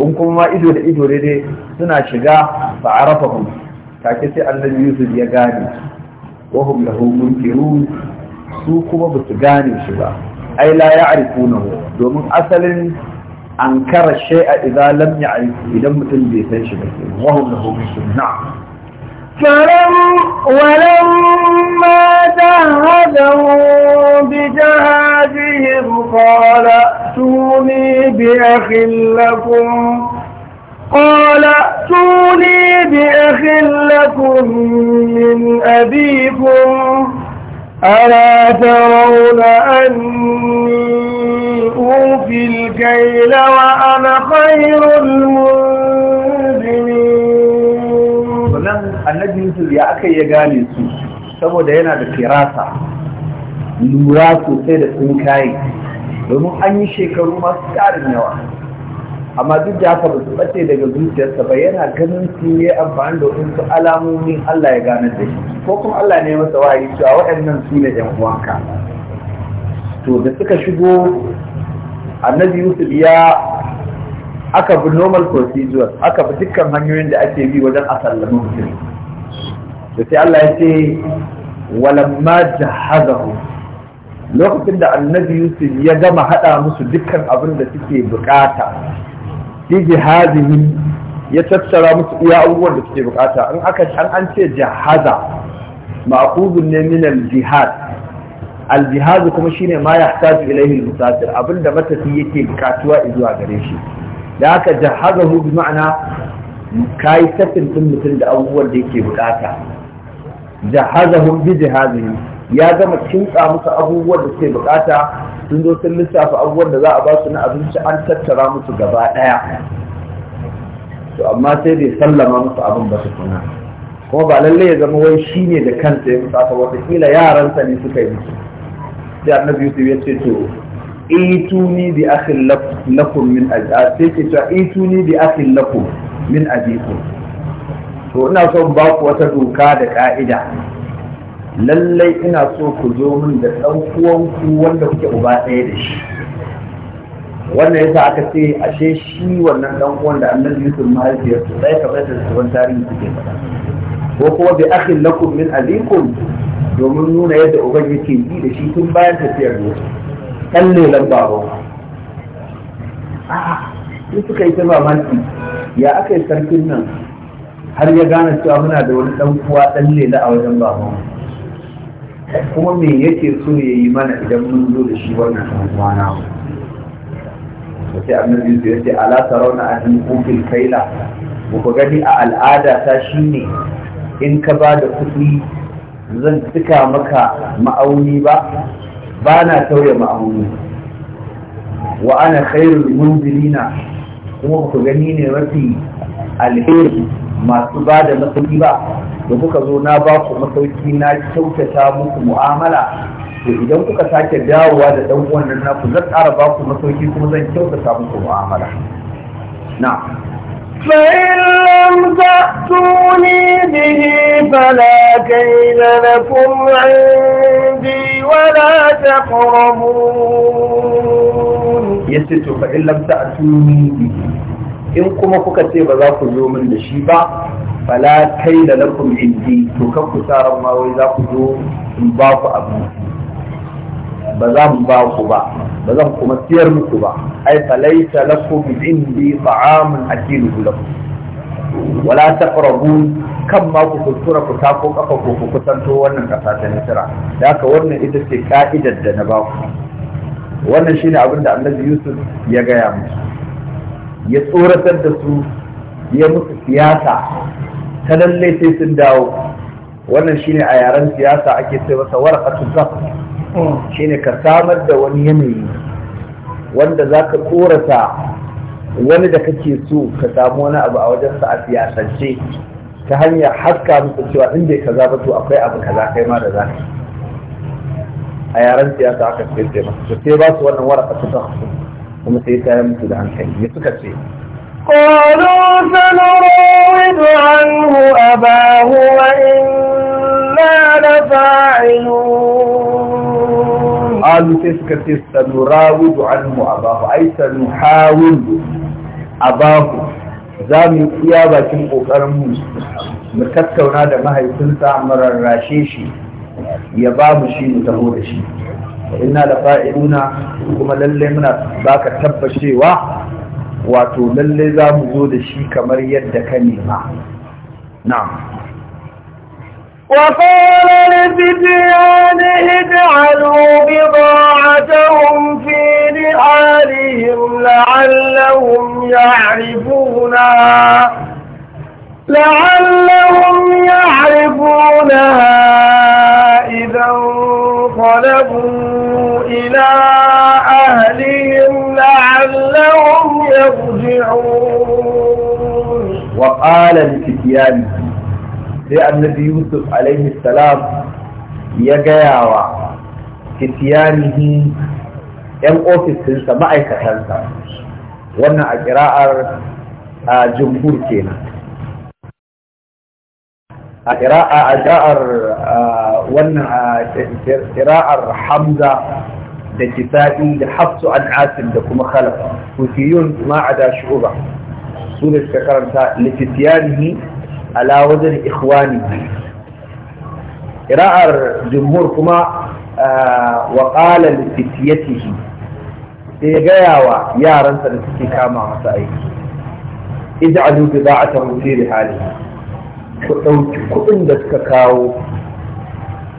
in kuma ido da ido dai suna shiga ba a rafa hun take sai annabi yusuf ya gane wahum lahu munkirun su kuma ba su gane shi ba ai la ya'rifunahu domin asalin ankara shay'a idza lam ya'rif idan mutum bai san shi ba wahum lahu munkirun na'am falam walam فلما جهزهم بجهازهم قال ائتوني بأخ لكم قال ائتوني بأخ لكم من أبيكم ألا ترون أني أوفي الكيل وأنا خير المنزلين. Wannan annabi Yusuf ya aka saboda yana da firasa lura sosai da tsinkaye domin an yi shekaru masu ƙarin yawa amma duk da haka ba su ɓace daga zuciyarsa ba yana ganin su yi amfani da wasu alamomin Allah ya gane da shi ko kuma Allah ne masa wahayi cewa waɗannan su ne ɗan uwanka to da suka shigo annabi Yusuf ya aka bi normal procedures aka bi dukkan hanyoyin da ake bi wajen a sallama mutum da sai Allah ya ce walamma jahazahu lokacin da annabi yusuf ya gama hada musu dukkan abin da suke bukata fi jihazihim ya tattara musu iya abubuwan da suke bukata in aka an an ce jahaza ma'khuzun ne min al-jihad al-jihad kuma shine ma yahtaju ilayhi al-musafir abinda matafi yake bukatuwa zuwa gare shi da haka jahazahu bi ma'ana kai tafin din mutum da abubuwan da yake bukata jahazahum bi jihazihim ya gama kinsa musu abubuwan da suke bukata sun zo sun lissafa abubuwan da za a ba su na abinci an tattara musu gaba daya to amma sai bai sallama musu abin ba su kuna kuma ba lalle ya zama wai shi ne da kansa ya musafa watakila yaransa ne suka yi musu sai annabi yusuf ya ce to ituni bi akhin lakum min ajikum sai ke ituni bi akhin lakum min ajikum to ina so ba ku wata doka da ka'ida lallai ina so ku zo min da ɗan uwanku wanda kuke uba ɗaya da shi wannan yasa aka ce ashe shi wannan ɗan uwan da annabi Yusuf mahaifiyar su ka kamar da sabon tarihi suke faɗa ko kuma bi akhin lakum min abikum domin nuna yadda uban yake yi da shi tun bayan tafiyar Yusuf ɗan lelan baban a'a su suka yi ta mamaki ya aka yi sarkin nan har ya gane cewa muna da wani dan kuwa dan lela a wajen baban kuma me yake so ya yi mana idan mun zo da shi wannan dan kuwa na mu sai annabi ya ce ala tarawna an kufil kaila ku gani a al'ada ta shine in ka ba da kuɗi zan cika maka ma'auni ba ba na tauye ma'auni wa ana khairul munzilina kuma ku gani ne mafi alheri masu ba da masauki ba da kuka zo na ba ku masauki na kyautata muku mu'amala to idan kuka sake dawowa da dan wannan nan naku zan ƙara ba ku masauki kuma zan kyautata muku mu'amala na فإن لم تأتوني به فلا كيل لكم عندي ولا تقربون يسيت فإن لم تأتوني به in kuma kuka ce ba za ku zo min da shi ba fala kai da lakum indi to kan ku tsaron ma wai za ku zo in ba ku abu ba za mu ba ku ba ba zan kuma siyar muku ba ai falaita lakum indi ta'amun akiluhu lakum wala taqrabun kan ma ku kuskura ku ta ko kafa ko ku kusanto wannan kasa ta nisira da haka wannan ita ce ka'idar da na ba ku wannan shine abin da annabi yusuf ya gaya musu ya tsoratar da su ya musu siyasa ta lallai sai sun dawo wannan shine a yaren siyasa ake sai masa warqatul zaf shine ka samar da wani yanayi wanda za ka tsorata wani da kake so ka samu wani abu a wajensa a siyasance ta hanyar haska musu cewa in bai kaza ba to akwai abu kaza kai ma da zaka a yaren siyasa aka sai sai masa sai ba su wannan warqatul zaf kuma sai kayan mutu da hankali me suka ce قالوا سنراود عنه أباه وإنا لفاعلون قالوا تسكت سنراود عنه أباه أي سنحاول أباه za mu iya bakin ƙoƙarin mu mu tattauna da mahaifinsa mararrashe shi ya ba mu shi mu taho da shi inna da fa'iluna kuma lalle muna baka tabbashewa wato lalle za mu zo da shi kamar yadda ka nema na'am وقال لفتيانه اجعلوا بضاعتهم في رحالهم لعلهم يعرفونها لعلهم يعرفونها إذا انقلبوا إلى أهلهم لعلهم يرجعون وقال لفتيان في النبي يوسف عليه السلام يجاوى فتيانه ‘yan ofisinsa ma'aikatansa wannan a ƙira'ar a jimhur kenan a ƙira'ar wannan a hamza da kisa'i da hafsu an asim da kuma khalaf kufiyun ma'ada shu'uba su da suka karanta likitiyanihi ala wajen ikhwani ra'ar jumhur kuma wa qala sai ya gaya wa yaransa da suke kama masa aiki ij'alu bida'atahu fi rihalihi ku ɗauki kuɗin da suka kawo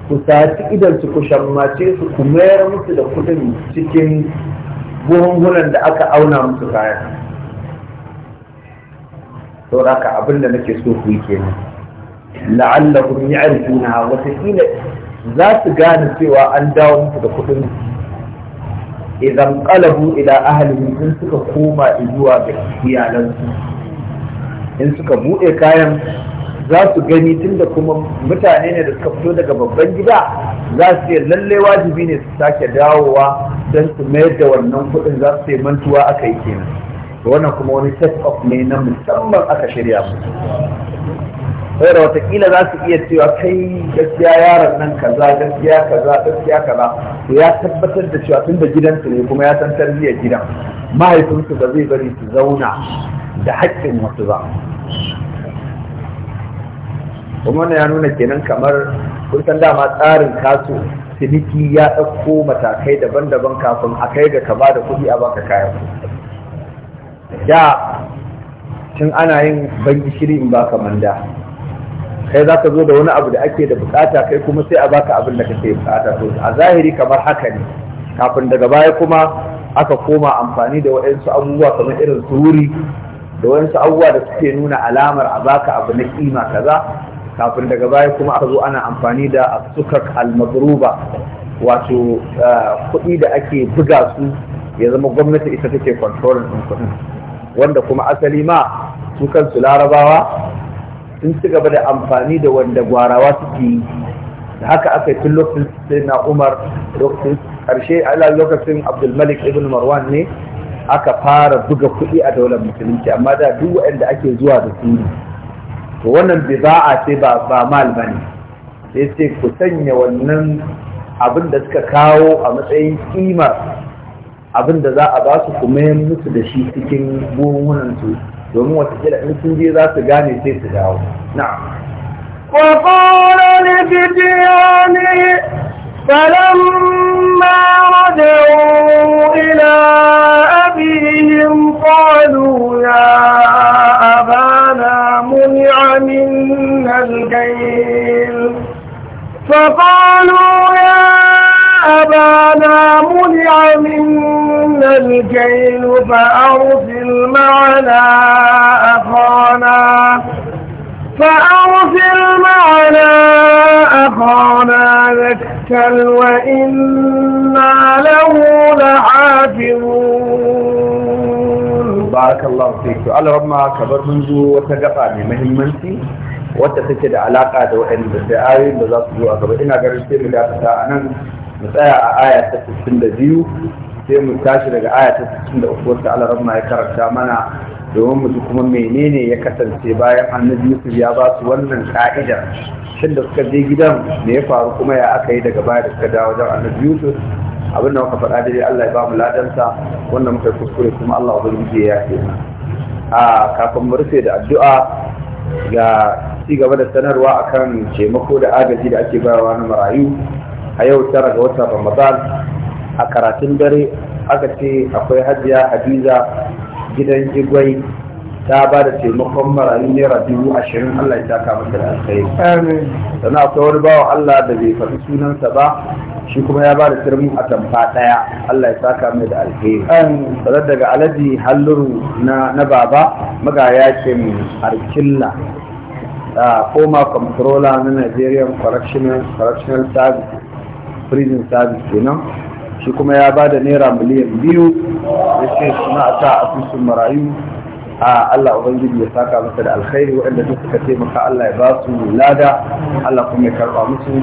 ku sati idan su ku shammace su ku mayar musu da kudin cikin buhunhunan da aka auna musu kayan sauraka abin da nake so ku yi kenan la'allahum ya'rifuna watakila za su gane cewa an dawo musu da kudin idan qalabu ila ahlihim in suka koma zuwa ga iyalansu in suka bude kayan za su gani tunda kuma mutane ne da suka fito daga babban gida za su iya lalle wajibi ne su sake dawowa don su mayar da wannan kuɗin za su yi mantuwa aka yi kenan wannan kuma wani set of ne na musamman aka shirya mu saboda watakila za su iya cewa kai gaskiya yaron nan kaza gaskiya kaza gaskiya kaza to ya tabbatar da cewa tun da gidansu ne kuma ya san tarbiyyar gidan mahaifinsu ba zai bari su zauna da haƙƙin wasu ba kuma wannan ya nuna kenan kamar kun san dama tsarin kasu ciniki ya ɗauko matakai daban-daban kafin a kai ga kama da kuɗi a baka kayan da tun ana yin bangi shiri in baka manda kai za ka zo da wani abu da ake da bukata kai kuma sai a baka abin da kake bukata to a zahiri kamar haka ne kafin daga baya kuma aka koma amfani da waɗansu abubuwa kamar irin su wuri da waɗansu abubuwa da suke nuna alamar a baka abu na kima kaza kafin daga baya kuma aka zo ana amfani da asukak al-madruba wato eh, kuɗi da ake buga su ya zama gwamnati ita take controlling din kuɗin wanda kuma asali ma su kansu larabawa sun ci gaba da amfani da wanda gwarawa suke yi da haka aka yi tun lokacin sai na umar lokacin a ala lokacin abdulmalik ibn marwan ne aka fara buga kuɗi a daular musulunci amma da duk waɗanda ake zuwa da su to wannan a ce ba ba mal bane sai ce ku sanya wannan abin da suka kawo a matsayin ƙimar abin da za a ba su kuma yin musu da shi cikin buhunan su domin watakila in sun je za su gane sai su dawo na وقال لفتيانه فلما رجعوا إلى أبيهم قالوا يا فقالوا يا أبانا منع منا الكيل فأرسل معنا أخانا فأرسل معنا أخانا نكتل وإنا له لحافظون بارك الله فيك على ربما كبر منذ وتقفى بمهمتي wadda take da alaka da waɗanda sai ayoyin da za su zo a gaba ina ganin sai mu dakata a nan mu tsaya a aya ta 62 sai mu tashi daga aya ta 63 wacce Allah ramma ya karanta mana domin mu ji kuma menene ya kasance bayan annabi Yusuf ya ba su wannan ka'idar shin da suka je gidan me ya faru kuma ya aka yi daga baya da suka dawo wajen annabi Yusuf abin da muka faɗa dai Allah ya ba mu ladansa wannan muka kuskure kuma Allah ubangiji ya yafe mu a ah, kafin mu rufe da addu'a ga ci gaba da sanarwa akan taimako da agaji da ake bayarwa na marayu a yau tara ga wata ramadan a karatun dare aka ce akwai hajiya hadiza gidan igwai ta ba da taimakon marayu naira dubu ashirin allah ya taka masa da alkhairi sannan akwai wani bawa allah da bai faɗi sunansa ba shi kuma ya ba da sirmin a tamfa ɗaya Allah ya saka mai da alheri sanar daga alaji halluru na baba magayakin harkilla. uh, former comptroller na nigerian correctional, service prison service kenan shi kuma ya ba da naira miliyan biyu ya ce suna a ta asusun marayu a Allah Ubangiji ya saka masa da alkhairi waɗanda duk suka taimaka Allah ya ba su lada Allah kuma ya karba musu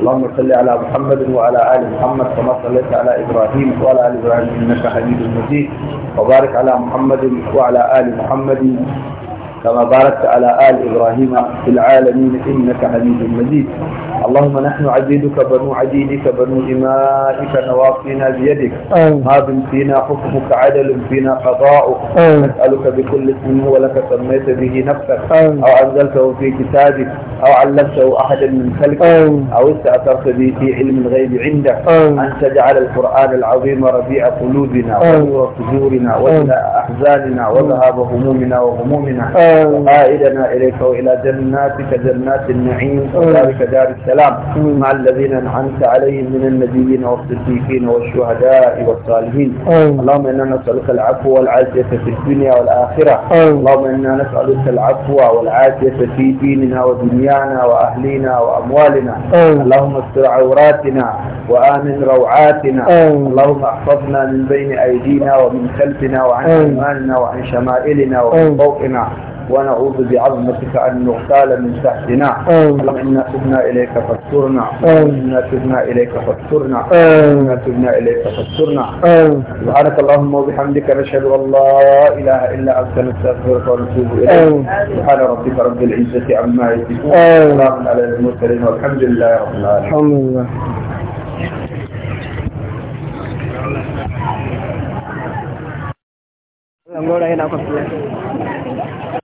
اللهم صل على محمد وعلى ال محمد كما صليت ala ابراهيم وعلى ال ابراهيم انك حميد مجيد وبارك على محمد وعلى ali muhammad. كما باركت على آل إبراهيم في العالمين إنك حميد مجيد اللهم نحن عبيدك بنو عبيدك بنو إمائك نواصينا بيدك ما فينا حكمك عدل فينا قضاؤك نسألك بكل اسم هو لك سميت به نفسك أو أنزلته في كتابك أو علمته أحدا من خلقك أو استأثرت به في علم الغيب عندك أن تجعل القرآن العظيم ربيع قلوبنا ونور صدورنا وإلى أحزاننا وذهاب همومنا وغمومنا وقائدنا إليك وإلى جناتك جنات النعيم وذلك دار السلام والسلام مع الذين أنعمت عليهم من النبيين والصديقين والشهداء والصالحين اللهم إنا نسألك العفو والعافية في الدنيا والآخرة اللهم إنا نسألك العفو والعافية في ديننا ودنيانا وأهلينا وأموالنا اللهم استر عوراتنا وآمن روعاتنا اللهم احفظنا من بين أيدينا ومن خلفنا وعن أيماننا وعن شمائلنا ومن فوقنا ونعوذ بعظمتك أن نغتال من تحتنا اللهم إنا تبنا إليك فاسترنا إنا تبنا إليك فاسترنا إنا تبنا إليك فاسترنا سبحانك اللهم وبحمدك نشهد أن لا إله إلا أنت نستغفرك ونتوب إليك سبحان ربك رب العزة عما يصفون سلام على المرسلين والحمد لله رب العالمين الحمد لله Angora ina